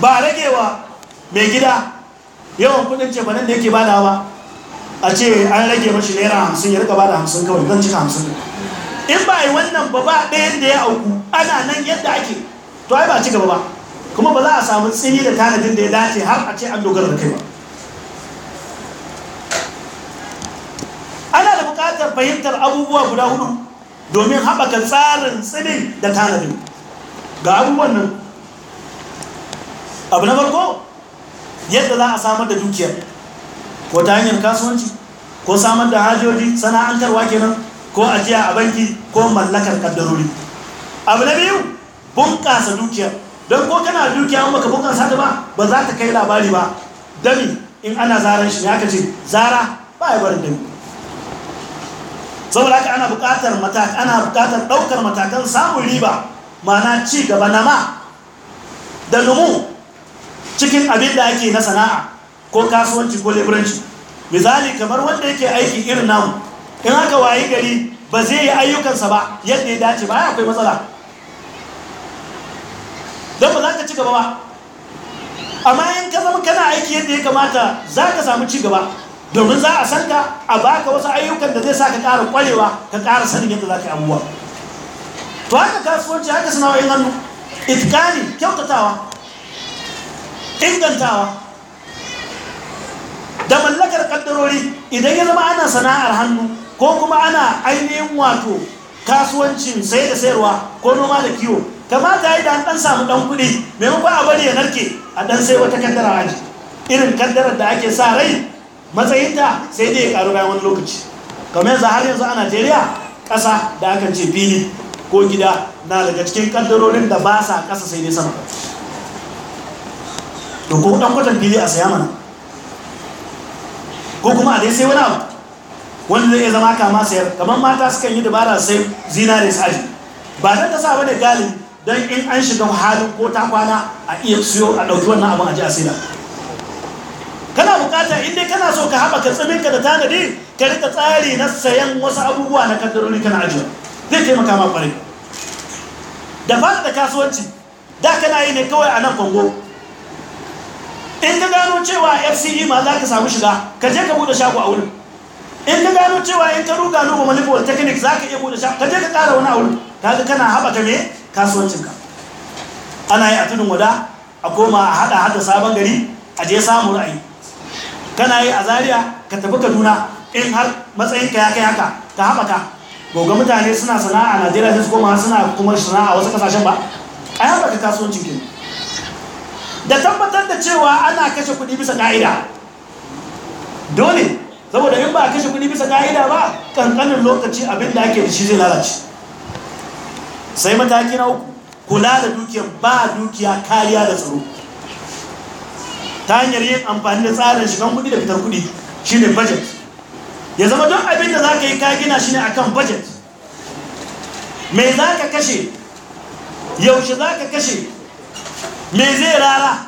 ba ragewa mai gida yawan kudin cefanen da yake bada ba a ce an rage mashi naira hamsin ya rika bada hamsin kawai don cika hamsin in ba yi wannan ba ba ɗayan da ya auku ana nan yadda ake to ai ba ci gaba ba kuma ba za a samu tsini da tanadin da ya dace har a ce an dogara da kai ba ana da buƙatar fahimtar abubuwa guda hudu domin haɓaka tsarin tsinin da tanadin ga abubuwan nan abu na farko yadda za a samar da dukiyar ko ta hanyar kasuwanci ko samar da hajjoji sana'antarwa kenan ko ajiya a banki ko mallakar kaddarori abu na biyu bunƙasa dukiyar don ko kana dukiya an baka bunƙasa ta ba ba za ta kai labari ba dami in ana zaran shi ne aka zara ba ya barin dami saboda haka ana buƙatar ana buƙatar ɗaukar matakan samun riba ma'ana ci gaba na ma da numu cikin abin da ake na sana'a ko kasuwanci ko leburanci misali kamar wanda yake aiki irin namu in haka wayi gari ba zai yi ayyukansa ba yadda ya dace ba ya akwai matsala don ba za ka ci gaba ba amma in ka zama kana aiki yadda ya kamata za ka samu ci gaba domin za a san ka a baka wasu ayyukan da zai sa ka ƙara ƙwarewa ka ƙara sanin yadda za ka yi abubuwa to haka kasuwanci haka sana'o'in hannu itkani kyautatawa ingantawa da mallakar kaddarori idan ya zama ana sana'ar hannu ko kuma ana ainihin wato kasuwancin sai da sayarwa ko noma da kiwo kamata yi da an dan samu dan kuɗi maimakon a bari ya narke a dan sai wata kaddara aji irin kaddarar da ake sa rai matsayinta sai dai ya karu bayan wani lokaci kamar yanzu har yanzu a najeriya ƙasa da aka ce fili ko gida na daga cikin kaddarorin da ba sa ƙasa sai dai sama to ko dan kwatan fili a saya mana ko kuma a dai sai wani abu wanda zai iya zama kama sayar kamar mata sukan yi dabara sai zinare su aji ba don ta sa ne gali don in an shiga halin ko ta kwana a iya siyo a ɗauki wannan abin a ji a kana bukata in kana so ka haɓaka tsibinka da tanadi ka rika tsari na sayan wasu abubuwa na kaddarori kana ajiyar zai taimaka ma kwarai da fata da kasuwanci da kana yi ne kawai a nan kwango in ka gano cewa fce ma za ka samu shiga ka je ka buɗe shago a wurin in ka gano cewa in ka ruga nuba manifold Teknik za ka iya bude shago ka je ka tsara wani a wurin ka ga kana haɓaka ne kasuwancinka ana yi a tudun wada a koma a haɗa haɗa sabon gari a je samun ra'ayi kana yi a Zariya ka tafi kaduna in har matsayinka ya kai haka ka haɓaka goga mutane suna sana'a a najeriya sun su koma suna kuma sana'a wasu kasashen ba a ka kasuwancin kenan da tabbatar da cewa ana kashe kuɗi bisa ka'ida dole saboda in ba a kashe kuɗi bisa ka'ida ba kankanin lokaci abinda ake da shi zai lalace sai mataki na uku kula da dukiyar ba dukiya kariya da tsaro ta hanyar yin amfani da tsarin shigan kudi da fitar Shi ne budget ya zama don abin da za ka yi ka gina shi ne akan budget mai za ka kashe yaushe za ka kashe me zai rara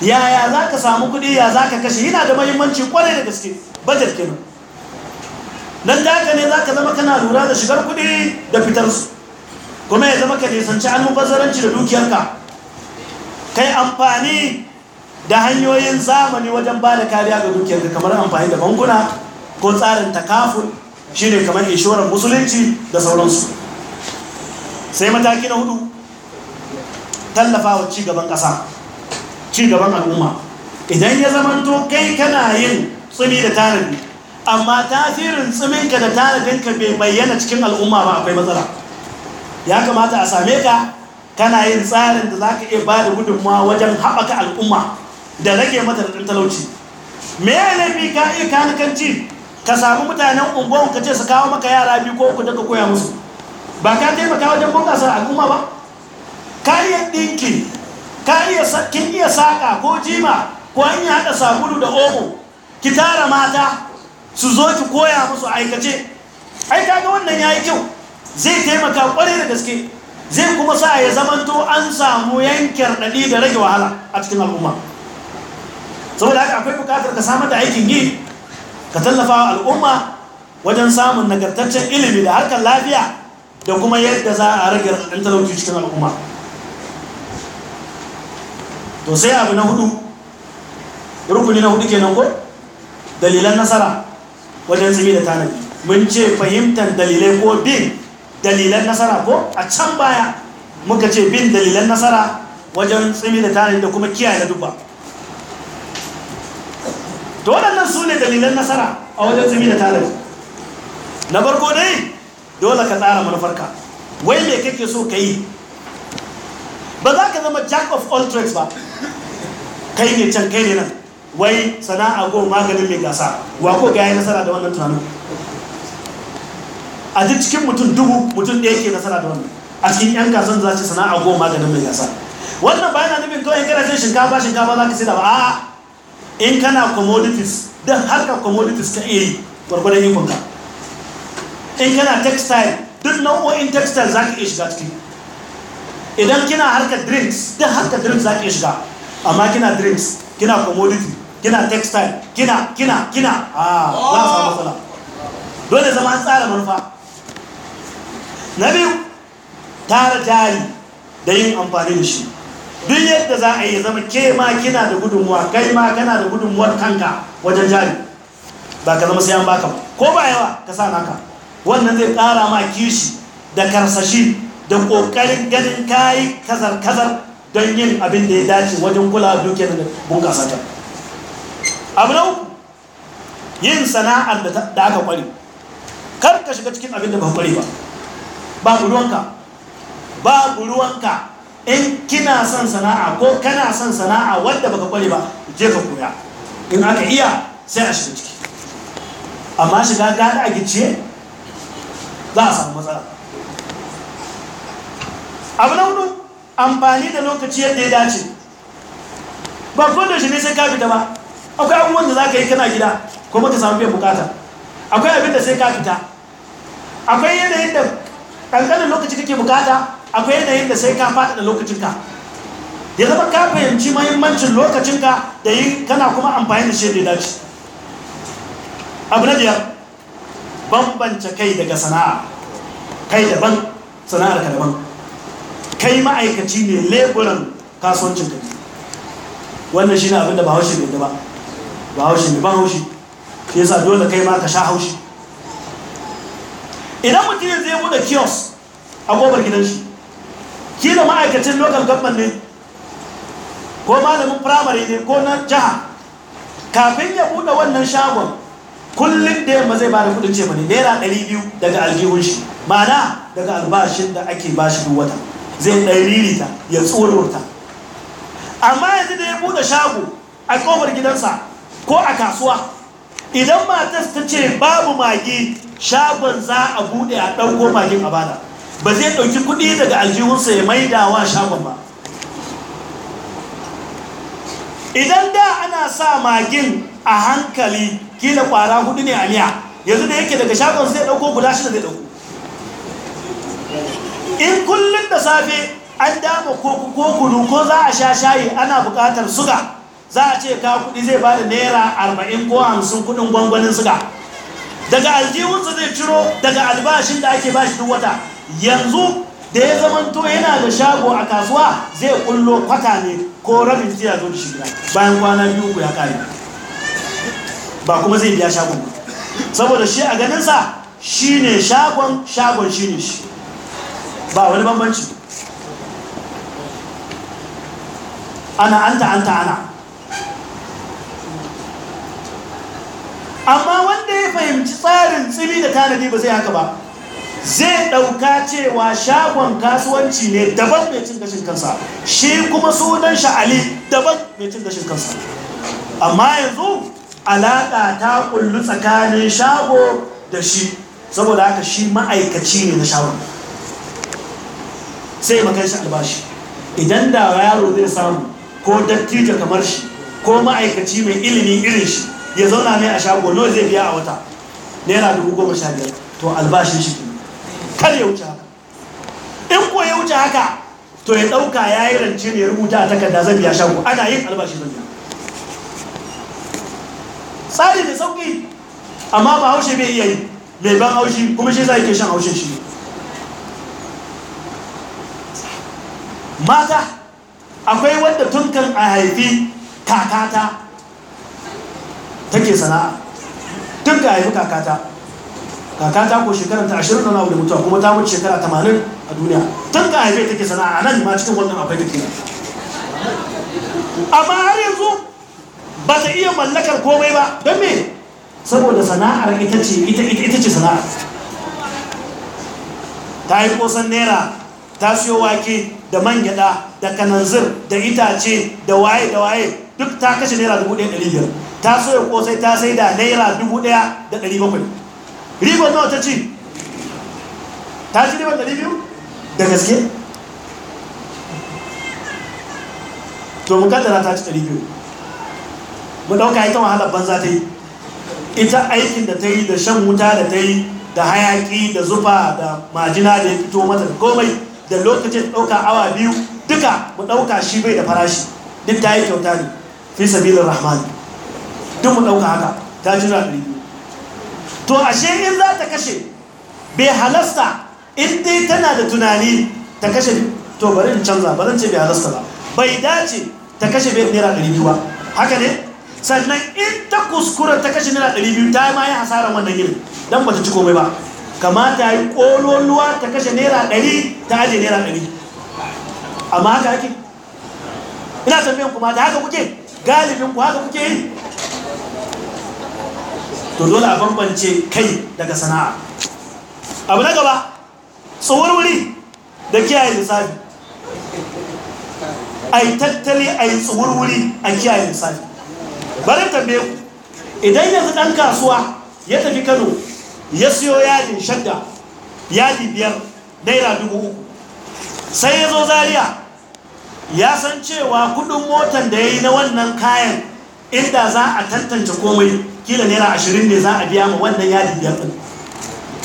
yaya za ka samu kuɗi ya za ka kashe yana da mahimmanci kwarai da gaske bajar kenan da daga ne za ka zama kana lura da shigar kuɗi da fitar su. kuma ya zama ka nisanci hannun bazaranci da dukiyarka kai amfani da hanyoyin zamani wajen ba da kariya ga dukiyarka kamar amfani da bankuna ko tsarin takafun shi ne kamar inshorar musulunci da sauransu sai mataki na hudu tallafawa cigaban ƙasa cigaban al'umma idan ya to kai kana yin tsumi da tarihi amma tasirin tsiminka da tanadinka bai bayyana cikin al'umma ba akwai matsala ya kamata a same ka kana yin tsarin da za ka iya ba da gudunmawa wajen haɓaka al'umma da rage mata da talauci me ya laifi ka iya ci ka samu mutanen unguwan ka ce su kawo maka yara biyu ko uku daga koya musu ba ka taimaka wajen bunƙasa al'umma ba kariyar dinki ɗinki iya kin iya saƙa ko jima ko an yi haɗa sabulu da omo ki tara mata su zo ki koya musu aikace ai kaga wannan yayi kyau zai taimaka kwarai da gaske zai kuma sa ya zamanto an samu yankin dadi da rage wahala a cikin al'umma saboda haka akwai bukatar ka samar da aikin yi ka tallafa wa al'umma wajen samun nagartaccen ilimi da harkar lafiya da kuma yadda za a rage ɗan talauci cikin al'umma to sai abu na hudu rukuni na hudu kenan ko dalilan nasara wajen tsimi da tanadi mun ce fahimtar dalilai ko bin dalilan nasara ko a can baya muka ce bin dalilan nasara wajen tsimi da tanadi da kuma kiyaye da dubba to waɗannan su ne dalilan nasara a wajen tsimi da tanadi na farko dai dole ka tsara manufarka wai me kake so ka yi ba za ka zama jack of all trades ba kai ne can kai ne nan wai sana'a ko maganin mai gasa wa ko ga nasara da wannan tunanin a duk cikin mutum dubu mutum ɗaya ke nasara da wannan a cikin yan kasuwan za ce sana'a ko maganin mai gasa wannan ba yana nufin kawai kana cin shinkafa shinkafa za ka sai da ba a'a in kana commodities don harka commodities ka iya yi gwargwadon ikon ka in kana textile duk nau'o'in textile za ka iya shiga ciki idan kina harkar drinks duk harkar drinks za ka iya shiga amma kina drinks kina commodity kina textile kina kina kina a ah, za a matsala dole zama an tsara manufa na biyu tara jari da yin amfani da shi duk yadda za a yi zama ke ma kina da gudunmuwa kai ma kana da gudunmuwar kanka wajen jari ba ka zama sai an baka ko ba yawa ka sa naka wannan zai tsara ma kishi da karsashi da ƙoƙarin ganin kayi kazar-kazar don yin abin da ya dace wajen kula da dukiyar da bunƙasa ta abu na uku yin sana'ar da aka kwari kar ka shiga cikin abin da ba kwari ba babu ruwanka ba ruwanka in kina son sana'a ko kana son sana'a wadda baka kware ba je ka koya in aka iya sai a shiga ciki amma shiga gada a gice za a samu matsala abu na hudu amfani da lokaci yadda ya dace ba ko shi ne sai ka fita ba akwai abubuwan da za ka yi kana gida kuma ka samu biyan bukata akwai abin da sai ka fita akwai yanayin da ƙanƙanin lokaci kake bukata akwai yanayin da sai ka faɗaɗa lokacinka ya zama ka fahimci mahimmancin lokacinka da yi kana kuma amfani da shi da ya dace abu na biyar bambance kai daga sana'a kai daban sana'ar ka daban kai ma'aikaci ne leburan kasuwancin ka wannan shi ne abinda ba haushi bai ba ba haushi ne ba haushi shi yasa dole kai ma ka sha haushi idan mutum ya zai bude kiosk a gobar gidan shi kila ma'aikacin local government ne ko malamin firamare ne ko na jiha kafin ya bude wannan shagon kullum da yamma zai bada kudin ce ne naira 200 daga aljihun shi ma'ana daga albashin da ake bashi duk wata zai ta ya amma yanzu da ya buɗe shago a ƙofar gidansa ko a kasuwa idan matas ta ce babu magi shagon za a buɗe a ɗauko magin a bada ba zai ɗauki kuɗi daga aljihunsa ya wa shagon ba idan da ana sa magin a hankali kila ƙwara hudu ne a miya yanzu da yake daga shagon zai ɗauko guda shida zai ɗauko in kullum da safe an dama ko kunu ko za a sha shayi ana bukatar suga za a ce ka kuɗi zai ba da naira arba'in ko hamsin kuɗin gwangwanin suga daga aljihunsa zai ciro daga albashin da ake bashi duk wata yanzu da ya zamanto yana da shago a kasuwa zai kullo kwata ne ko rabin jiya zo da bayan kwana biyu ku ya kare ba kuma zai biya shagon saboda shi a ganinsa shi ne shagon shagon shi ne shi ba wani bambanci ana anta anta ana amma wanda ya fahimci tsarin tsimi da tanadi ba zai haka ba zai ɗauka cewa shagon kasuwanci ne daban mai cin gashin kansa shi kuma sunan sha'ali daban mai cin gashin kansa amma yanzu alaƙa ta ƙullu tsakanin shago da shi saboda haka shi ma'aikaci ne na shagon sai ma shi albashi idan da yaro zai samu ko dattijo kamar shi ko ma'aikaci mai ilimi irin shi ya zauna mai a shago nawa zai biya a wata naira dubu goma sha biyar to albashin shi kar ya wuce haka in ko ya wuce haka to ya ɗauka ya yi rance ne rubuta a takarda zan biya shago ana yin albashi zan biya tsari da sauƙi amma ba haushe bai iya yi mai ban haushi kuma shi za ke shan haushin shi mata akwai wanda tun kan a haifi kakata take sana'a tun ka haifi kakata kakata ko shekarar ta ashirin da na da mutuwa kuma ta wuce shekara tamanin a duniya tun ka haifi take sana'a a nan ma cikin wannan akwai take amma har yanzu ba ta iya mallakar komai ba don me saboda sana'ar ita ce ita ce sana'a ta yi kosan naira ta siyo wake da man gyada da kananzir da itace da waye da waye duk ta kashe naira dubu ɗaya ɗari biyar ta soya kosai ta sai da naira dubu ɗaya da ɗari bakwai ribar nawa ta ci ta ci ribar ɗari biyu da gaske to mu kaddara ta ci ɗari biyu mu ɗauka ita wahalar banza ta yi ita aikin da ta yi da shan wuta da ta yi da hayaki da zufa da majina da ya fito mata da komai da lokacin ɗauka awa biyu duka mu ɗauka shi bai da farashi duk ta yi kyauta ne fi sabilin rahman duk mu ɗauka haka ta jira ɗari biyu to ashe in za ta kashe bai halasta in dai tana da tunani ta kashe to bari in canza ba zan ce bai halasta ba bai dace ta kashe bai naira ɗari biyu ba haka ne sannan in ta kuskura ta kashe naira ɗari biyu ta ma yi hasarar wannan irin Dan ba ta ci komai ba kamata yi ƙololuwa ta kashe naira ɗari ta aje naira ɗari amma haka ake ina tambayan kuma da haka kuke galibin ku haka kuke yi to dole a bambance kai daga sana'a abu na gaba tsohon wuri da kiyaye lissafi a yi tattali a yi tsohon wuri a kiyaye lissafi bari tambaye ku idan yanzu ɗan kasuwa ya tafi kano ya siyo yajin shadda yaji biyar naira dubu uku sai ya zo zaria ya san cewa kudin motan da ya yi na wannan kayan inda za a tantance komai kila naira ashirin ne za a biya ma wannan yajin biyar ɗin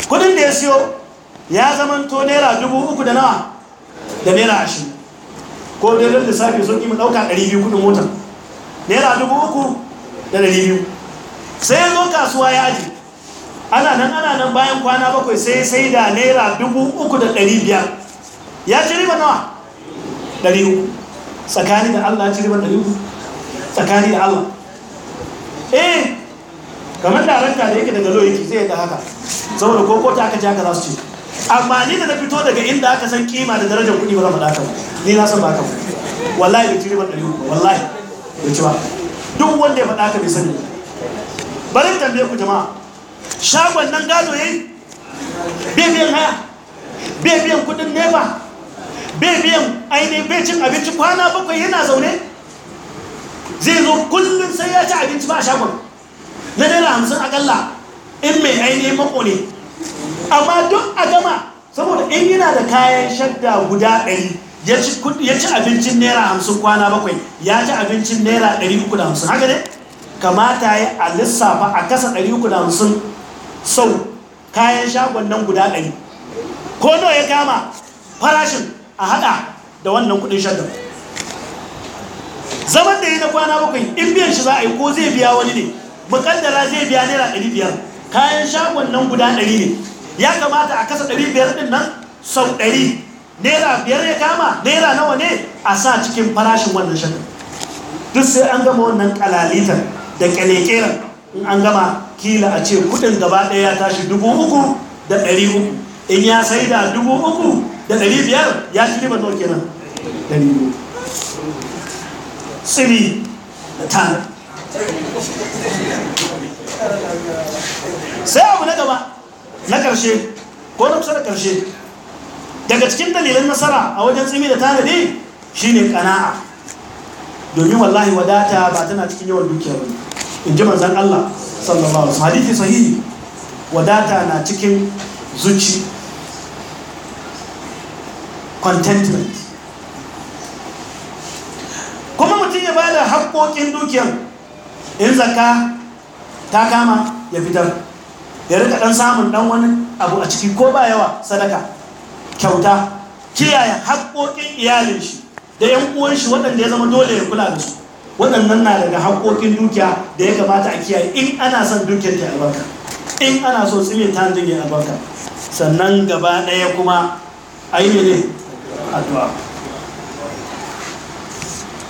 kudin da ya siyo ya zamanto naira dubu uku da nawa da naira ashirin ko daidai da safe sun mu ɗauka ɗari biyu kudin motar naira dubu uku da ɗari biyu sai ya zo kasuwa ya aji ana nan ana nan bayan kwana bakwai sai sai da naira dubu uku da ɗari biyar ya ci riba nawa ɗari uku tsakani da allah ya ci riba ɗari uku tsakani da allah eh kamar darakta da yake daga loyaki zai da haka saboda ko kota aka ji aka za su ce amma ni da na fito daga inda aka san kima da darajar kuɗi ba zama ɗaka ni na san ba ka wallahi bai ci riba ɗari uku wallahi da ci ba duk wanda ya faɗa ka bai sani bari tambaye ku jama'a shagon nan gado yayi bai biyan haya biyan kudin nefa biyan ainihin bai cin abinci kwana bakwai yana zaune zai zo kullum sai ya ci abinci ba a shagon na naira hamsin akalla in mai ainihin mako ne amma duk a gama saboda in yana da kayan shadda guda ɗari ya ci abincin naira hamsin kwana bakwai ya ci abincin naira ɗari uku da hamsin haka ne kamata ya a lissafa a kasa ɗari uku da hamsin sau kayan shagon nan guda ɗari ko nawa ya kama farashin a haɗa da wannan kuɗin shaddan zaman da yi na kwana bakwai in biyan shi za a yi ko zai biya wani ne mukaddara zai biya naira ɗari biyar kayan shagon nan guda ɗari ne ya kamata a kasa ɗari biyar ɗin nan sau ɗari naira biyar ya kama naira nawa ne a sa cikin farashin wannan shaddan duk sai an gama wannan kalalitan da kyalekeran in an gama kila a ce kudin gaba ɗaya ya tashi dubu uku da ɗari uku in ya sai da dubu uku da ɗari biyar ya shi riba zuwa kenan ɗari uku tsiri da tana sai abu na gaba na ƙarshe ko na kusa da ƙarshe daga cikin dalilan nasara a wajen tsimi da tanadi shine kana'a domin wallahi wadata ba tana cikin yawan dukiya ba in ji manzan Allah sallallahu alaihi hadithi sahihi wadata na cikin zuci contentment kuma mutum ya bada haƙoƙin dukiyar in zaka ta kama ya fitar ya rika ɗan samun ɗan wani abu a ciki ko ba yawa sadaka kyauta kiyaye haƙoƙin iyalin shi da 'yan uwan shi waɗanda ya zama dole ya kula da su waɗannan na daga haƙoƙin dukiya da ya kamata a kiyaye in ana son dukiyar ta albarka in ana so tsime ta hanjin ya albarka sannan gaba ɗaya kuma a yi ne addu'a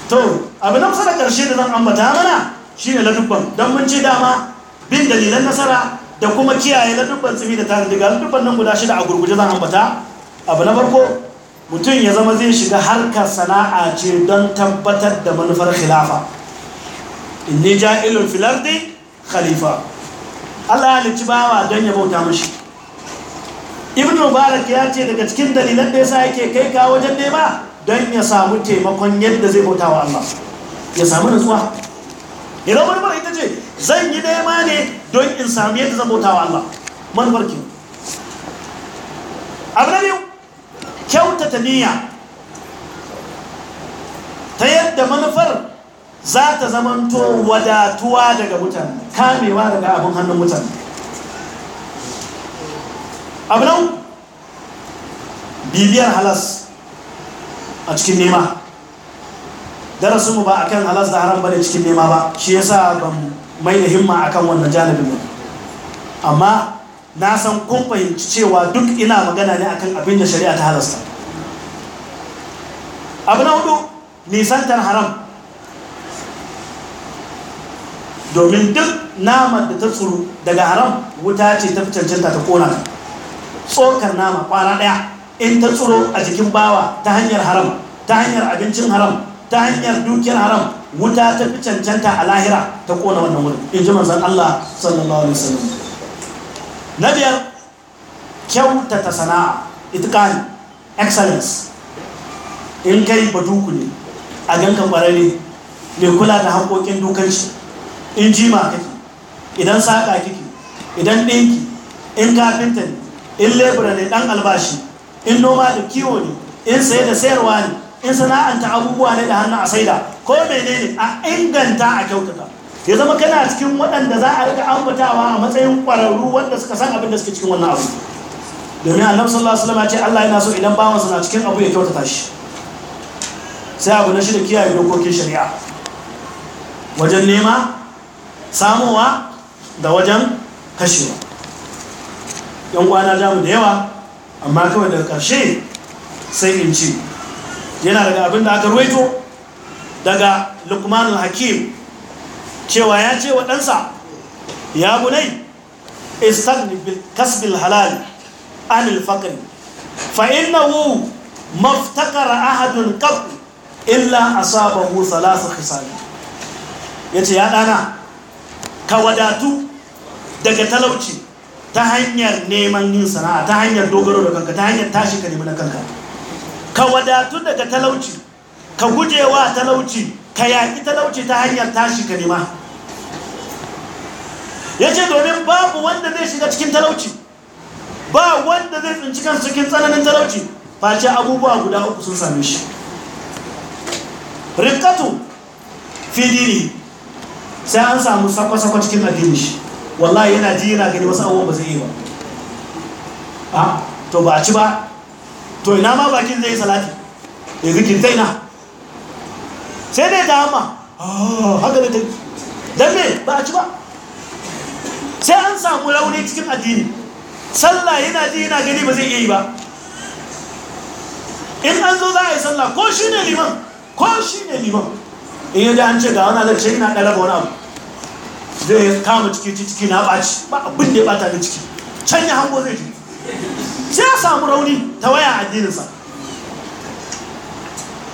to abu na kusa da ƙarshe da zan ambata mana shine ladubban don mun ce dama bin dalilan nasara da kuma kiyaye ladubban tsimi da ta tare ga ladubban nan guda shida a gurguje zan ambata abu na farko mutum ya zama zai shiga harkar sana'a ce don tabbatar da manufar khilafa In inni ja'ilun filardi khalifa Allah halicci bawa don ya bauta mashi ibn mubarak ya ce daga cikin dalilan da ya sa yake kai ka wajen nema don ya samu taimakon yadda zai bauta wa Allah ya samu nutsuwa idan manufar ita ce zan yi nema ne don in samu yadda zan bauta wa Allah manufar ki abu na biyu kyautata niyya ta yadda manufar za ta zamanto wadatuwa daga mutane kamewa daga abin hannun mutane abinan bibiyar halas a cikin nema darasinmu ba a kan halas da haram bane cikin nema ba shi yasa ban mai da himma akan wannan ba, amma na san kun fahimci cewa duk ina magana ne akan abin da shari'a ta halasta abu na hudu nisantar haram domin duk naman da ta tsuru daga haram wuta ce ta fi cancanta ta kona tsokar nama kwana daya in ta tsoro a jikin bawa ta hanyar haram ta hanyar abincin haram ta hanyar dukiyar haram wuta ta fi cancanta a lahira ta kona wannan wurin in ji manzan Allah sallallahu alaihi wasallam na biyar kyautata sana'a itikani excellence in kai baduku ne a ganka kwararre mai kula da haƙoƙin dukanci in jima kake idan saƙa kike idan ɗinki in kafinta ne in lebura ne ɗan albashi in noma da kiwo ne in saye da sayarwa ne in sana'anta abubuwa ne da hannu a saida ko ne a inganta a kyautata ya zama kana cikin waɗanda za a riƙa ambatawa a matsayin ƙwararru wanda suka san abin da suke cikin wannan abu domin annabi sallallahu alaihi wasallam ya ce Allah yana so idan bawansa na cikin abu ya kyautata shi sai abu na shida kiyaye dokokin shari'a wajen nema samowa da wajen kashewa yan kwana jamu da yawa amma kawai daga ƙarshe sai in ce yana daga abin da aka ruwaito daga lukmanul hakim cewa ya ce wa ɗansa ya bunai istagni bil kasbil halal anil faqr fa innahu maftakara ahadun qab illa asabahu thalath khisal yace ya ɗana, ka wadatu daga talauci ta hanyar neman yin sana'a ta hanyar dogaro da kanka ta hanyar tashi ka nemi na kanka ka wadatu daga talauci ka gujewa talauci ka yaƙi talauci ta hanyar tashi ka nema ya ce domin babu wanda zai shiga cikin talauci ba wanda zai tsinci kan cikin tsananin talauci face abubuwa guda uku sun same shi rikatu fidiri sai an samu sakwa-sakwa cikin addini shi wallahi yana ji yana gani wasu abubuwa ba zai yi ba to ba ci ba to ina ma bakin zai yi salati ya zikin zai na. sai dai ah, ta hama haka da ta don me ba a ci ba sai an samu rauni cikin addini sallah yana ji yana gani ba zai iya yi ba in an zo za a yi sallah ko shi ne liman ko shi ne liman in yadda an ce ga wani azar ce ɗara ba wani abu zai kama ciki ciki na ɓaci ba abin da ya ɓata da ciki can ya hango zai ji sai ya samu rauni ta waya addininsa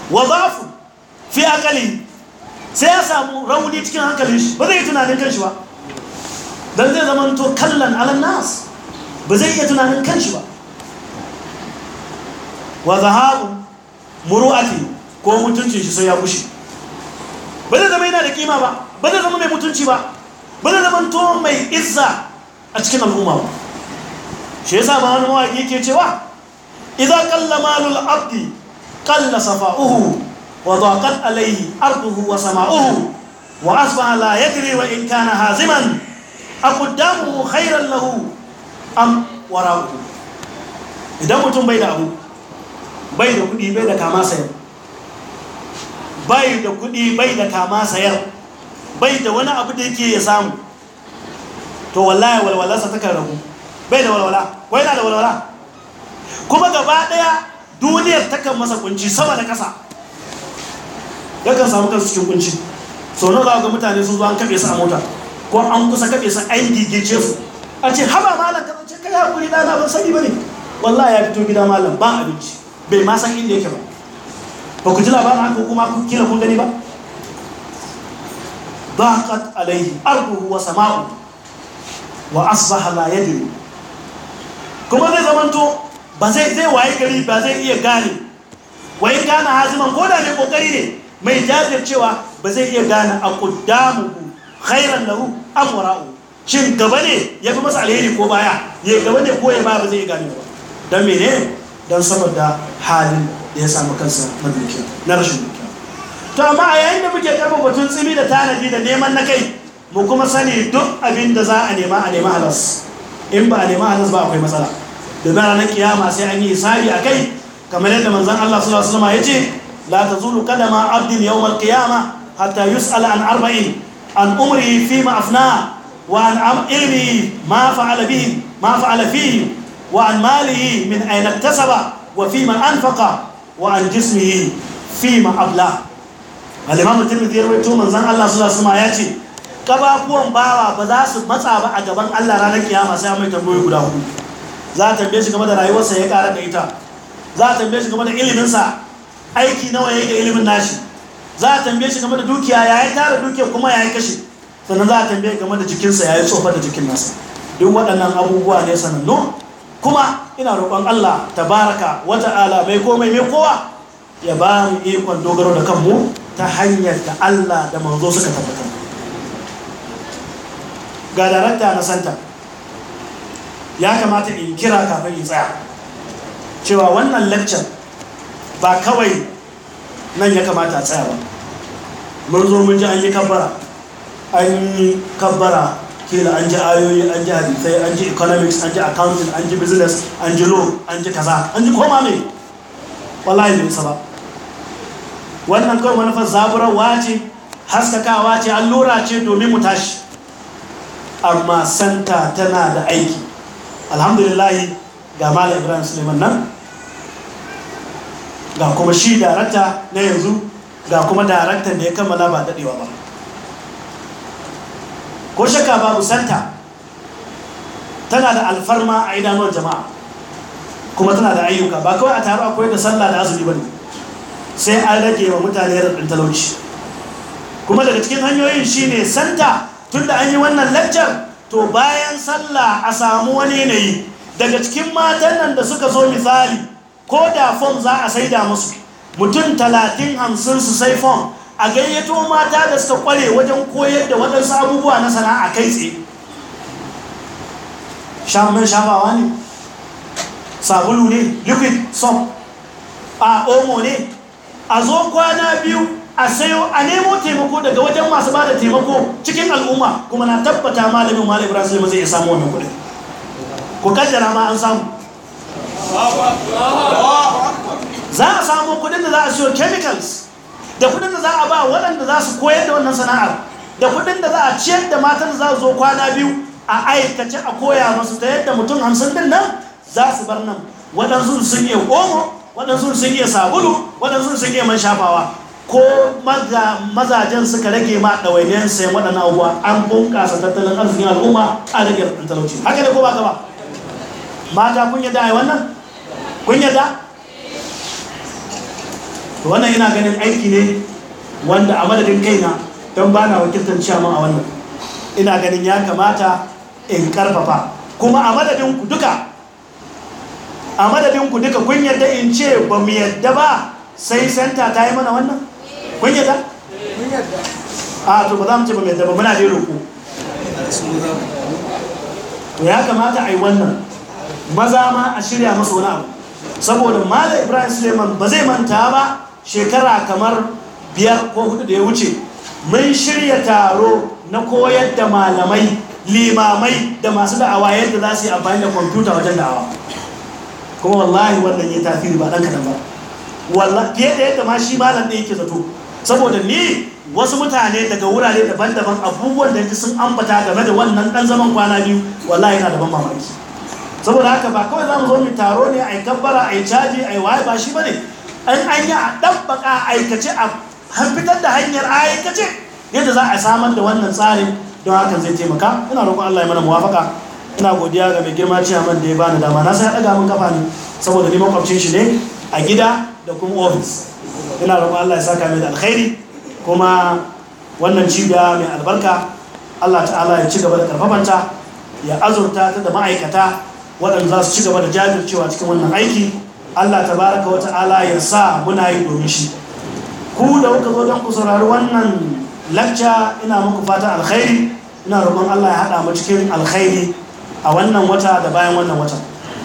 wa zafu fi akali sai ya samu rauni cikin hankalin shi ba zai yi tunanin kan shi ba dan zai zama to kallon alan nas ba zai iya tunanin kanshi ba wa zahabu muru'ati ko mutuncin shi sai ya bushe ba zai zama yana da kima ba ba zai zama mai mutunci ba ba zai zama to mai izza a cikin al'umma ba shi yasa ba wani mawaƙi ke cewa idan kalla malul abdi kalla safa'uhu wa daqat alayhi arduhu wa sama'uhu wa asbaha la yadri wa in kana haziman akudamu khairan lahu am warahu idan mutum bai da abu bai da kudi bai da kama sayar bai da kudi bai da kama sayar bai da wani abu da yake ya samu to wallahi walwala sa taka rahu bai da walwala Wai yana da walwala kuma gaba daya duniyar ta kan masa kunci sama da kasa yakan samu kansa cikin kunci sau nan za ga mutane sun zo an kafe su a mota ko an kusa kafe su an gigice su a ce haba malam ka zance kai hakuri da ban sani bane wallahi ya fito gida malam ba abinci bai ma san inda yake ba ba ku ji labarin haka kuma ku kila kun gani ba ضاقت wa sama'u. Wa وأصبح لا يدري kuma zai zamanto ba zai zai waye gari ba zai iya gane waye gane haziman ko da ne kokari ne mai jajircewa ba zai iya gane a kuddamu khairan lahu am wara'u shin gaba ne ya fi masa alheri ko baya ya gaba ne ko ya baya ba zai gane ba don mene don saboda halin da ya samu kansa na dukiya na rashin dukiya to amma a yayin da muke karɓar batun tsimi da tanadi da neman na kai mu kuma sani duk abin da za a nema a nema halas in ba a nema halas ba akwai matsala domin ranar kiyama sai an yi hisabi a kai kamar yadda manzon Allah sallallahu alaihi wasallam ya ce la tazulu qadama abdin yawm al qiyama hatta yus'ala an arba'in عن عمره فيما أفناه وعن علمه ما فعل به ما فعل فيه وعن ماله من أين اكتسب وفيما أنفق وعن جسمه فيما أبلاه الإمام الترمذي يروي من زن الله صلى الله عليه وسلم kababuwan bawa ba za su matsa ba a gaban Allah ranar kiyama sai mai tambayoyi guda hudu za a tambaye shi game da rayuwarsa ya ƙara da ita za a tambaye shi game da iliminsa aiki nawa ya yi da ilimin nashi za a tambaye shi game da dukiya ya yi tara dukiya kuma ya yi kashe sannan za a tambaye game da jikinsa ya yi tsofa da jikin nasa duk waɗannan abubuwa ne sanannu kuma ina roƙon Allah tabaraka wata ala mai komai mai kowa ya ba mu ikon dogaro da kanmu ta hanyar da Allah da manzo suka tabbatar ga darakta na santa ya kamata in kira kafin in tsaya cewa wannan lecture ba kawai nan ya kamata a tsayawa mun zo mun ji an yi kabbara an yi kabbara kila an ji ayoyi an ji hadisai an ji economics an ji accounting an ji business an ji law an ji kaza an ji koma ne wallahi bai isa ba wannan kawai manufar zaburarwa ce haskakawa ce allura ce domin mu tashi amma santa tana da aiki alhamdulillahi ga malam ibrahim suleiman nan ga kuma shi darakta na yanzu ga kuma daraktan da ya kammala ba daɗewa ba ko shakka babu santa tana da alfarma a idanuwar jama'a kuma tana da ayyuka ba kawai a taru akwai da sallah da azumi ba ne sai an rage wa mutane raɗin talauci kuma daga cikin hanyoyin shi ne santa tunda an yi wannan laccar to bayan sallah a samu wani yanayi daga cikin matan nan da suka zo misali ko da fom za a saida musu mutum talatin hamsin su sai fom a gayyato mata da suka kware wajen koyar da waɗansu abubuwa na sana'a kai tsaye shaman shafawa ne sabulu ne liquid soap a omo ne a zo kwana biyu a sayo a nemo taimako daga wajen masu ba da taimako cikin al'umma kuma na tabbata malamin malam ibrahim zai samu wannan kudi ku kaddara ma an samu za a samu kudin da za a siyo chemicals da kudin da za a ba waɗanda za su koyar da wannan sana'ar da kudin da za a ciyar da matan za su zo kwana biyu a aikace a koya masu ta yadda mutum hamsin din nan za su bar nan waɗansu sun iya omo waɗansu sun iya sabulu waɗansu sun iya man shafawa ko mazajen suka rage ma ɗawainiyar sayan waɗannan abubuwa an bunƙasa tattalin arzikin al'umma a rage talauci haka ne ko ba ka ba mata kun yadda a yi wannan kun yadda to wannan ina ganin aiki ne wanda a madadin kaina don ba na wakiltar ciyaman a wannan ina ganin ya kamata in karfafa kuma a madadin ku duka a madadin ku duka kun yadda in ce ba mu yadda ba sai santa ta yi mana wannan kun yadda a to ba za mu ce ba mu yadda ba muna da ku. to ya kamata a yi wannan maza ma a shirya masu wani abu saboda malam ibrahim suleiman ba zai manta ba shekara kamar biyar ko hudu da ya wuce mun shirya taro na koyar da malamai limamai da masu da'awa yadda za su yi amfani da kwamfuta wajen da'awa kuma wallahi wannan ya tafi ba ɗan kaɗan ba wallahi fiye da yadda ma shi malam ɗaya yake zato saboda ni wasu mutane daga wurare daban-daban abubuwan da sun ambata game da wannan ɗan zaman kwana biyu wallahi yana daban mamaki saboda haka ba kawai za mu zo mu taro ne a yi kabbara a yi caji a yi waye ba shi ba ne an an yi a ɗabbaƙa a aikace a fitar da hanyar aikace yadda za a samar da wannan tsarin don hakan zai taimaka ina roƙon Allah ya mana muwafaka ina godiya ga mai girma man da ya bani dama na sai ɗaga min kafa ne saboda ni makwabcin shi ne a gida da kuma ofis ina roƙon Allah ya saka mai da alkhairi kuma wannan cibiya mai albarka Allah ta'ala ya ci gaba da karfafanta ya azurta ta da ma'aikata waɗanda za su ci gaba da jajircewa cikin wannan aiki Allah tabaraka wa ta'ala ya sa muna yi domin shi ku da kuka zo don ku saurari wannan lacca ina muku fatan alkhairi ina roƙon Allah ya haɗa mu cikin alkhairi a wannan wata da bayan wannan wata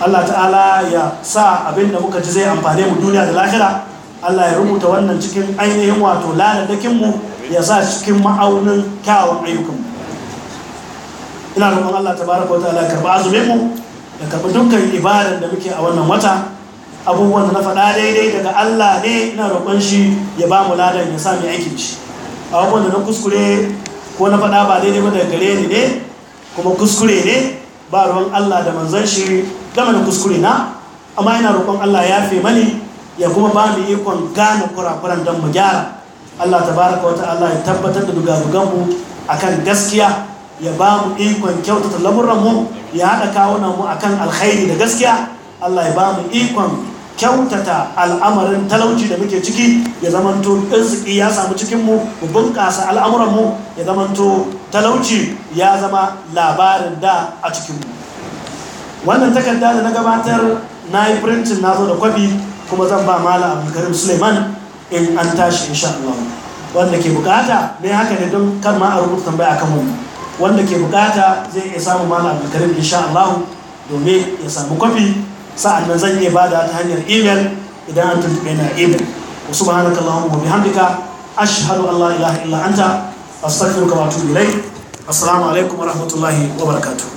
Allah ta'ala ya sa abin da muka ji zai amfane mu duniya da lahira Allah ya rubuta wannan cikin ainihin wato laladakin mu ya sa cikin ma'aunin kyawun ayyukan ina roƙon Allah tabaraka ta'ala ya karɓa azumin mu da karɓi dukkan ibadar da muke a wannan wata abubuwan da na faɗa daidai daga Allah ne ina roƙon shi ya ba mu ladan ya sa mu aikin shi abubuwan da na kuskure ko na faɗa ba daidai ba daga gare ni ne kuma kuskure ne ba ruwan Allah da manzon shi gama na kuskure na amma ina roƙon Allah ya fi mani ya kuma ba mu ikon gane kurakuran don mu gyara Allah tabaraka wata Allah ya tabbatar da dugadugan mu akan gaskiya ya ba mu ikon kyautata mu ya haɗa kawunan mu akan alkhairi da gaskiya Allah ya ba mu ikon kyautata al'amarin talauci da muke ciki ya zamanto arziki ya samu cikin mu bunƙasa al'amuranmu ya zamanto talauci ya zama labarin da a cikin mu. wannan takarda da na gabatar na yi printin na zo da kwafi kuma zan ba mala abdulkarim suleiman in an tashi insha Allah wanda ke bukata ne haka ne don kan ma a rubuta tambaya kan mu. wanda ke bukata zai iya samun malam abdulkarim insha Allah domin ya samu kwafi sa'annan zan iya bada ta hanyar email idan an tuntuɓe na email wa subhanakallahumma wa bihamdika ashhadu an la ilaha illa anta astaghfiruka wa atubu ilayk assalamu alaikum wa rahmatullahi wa barakatuh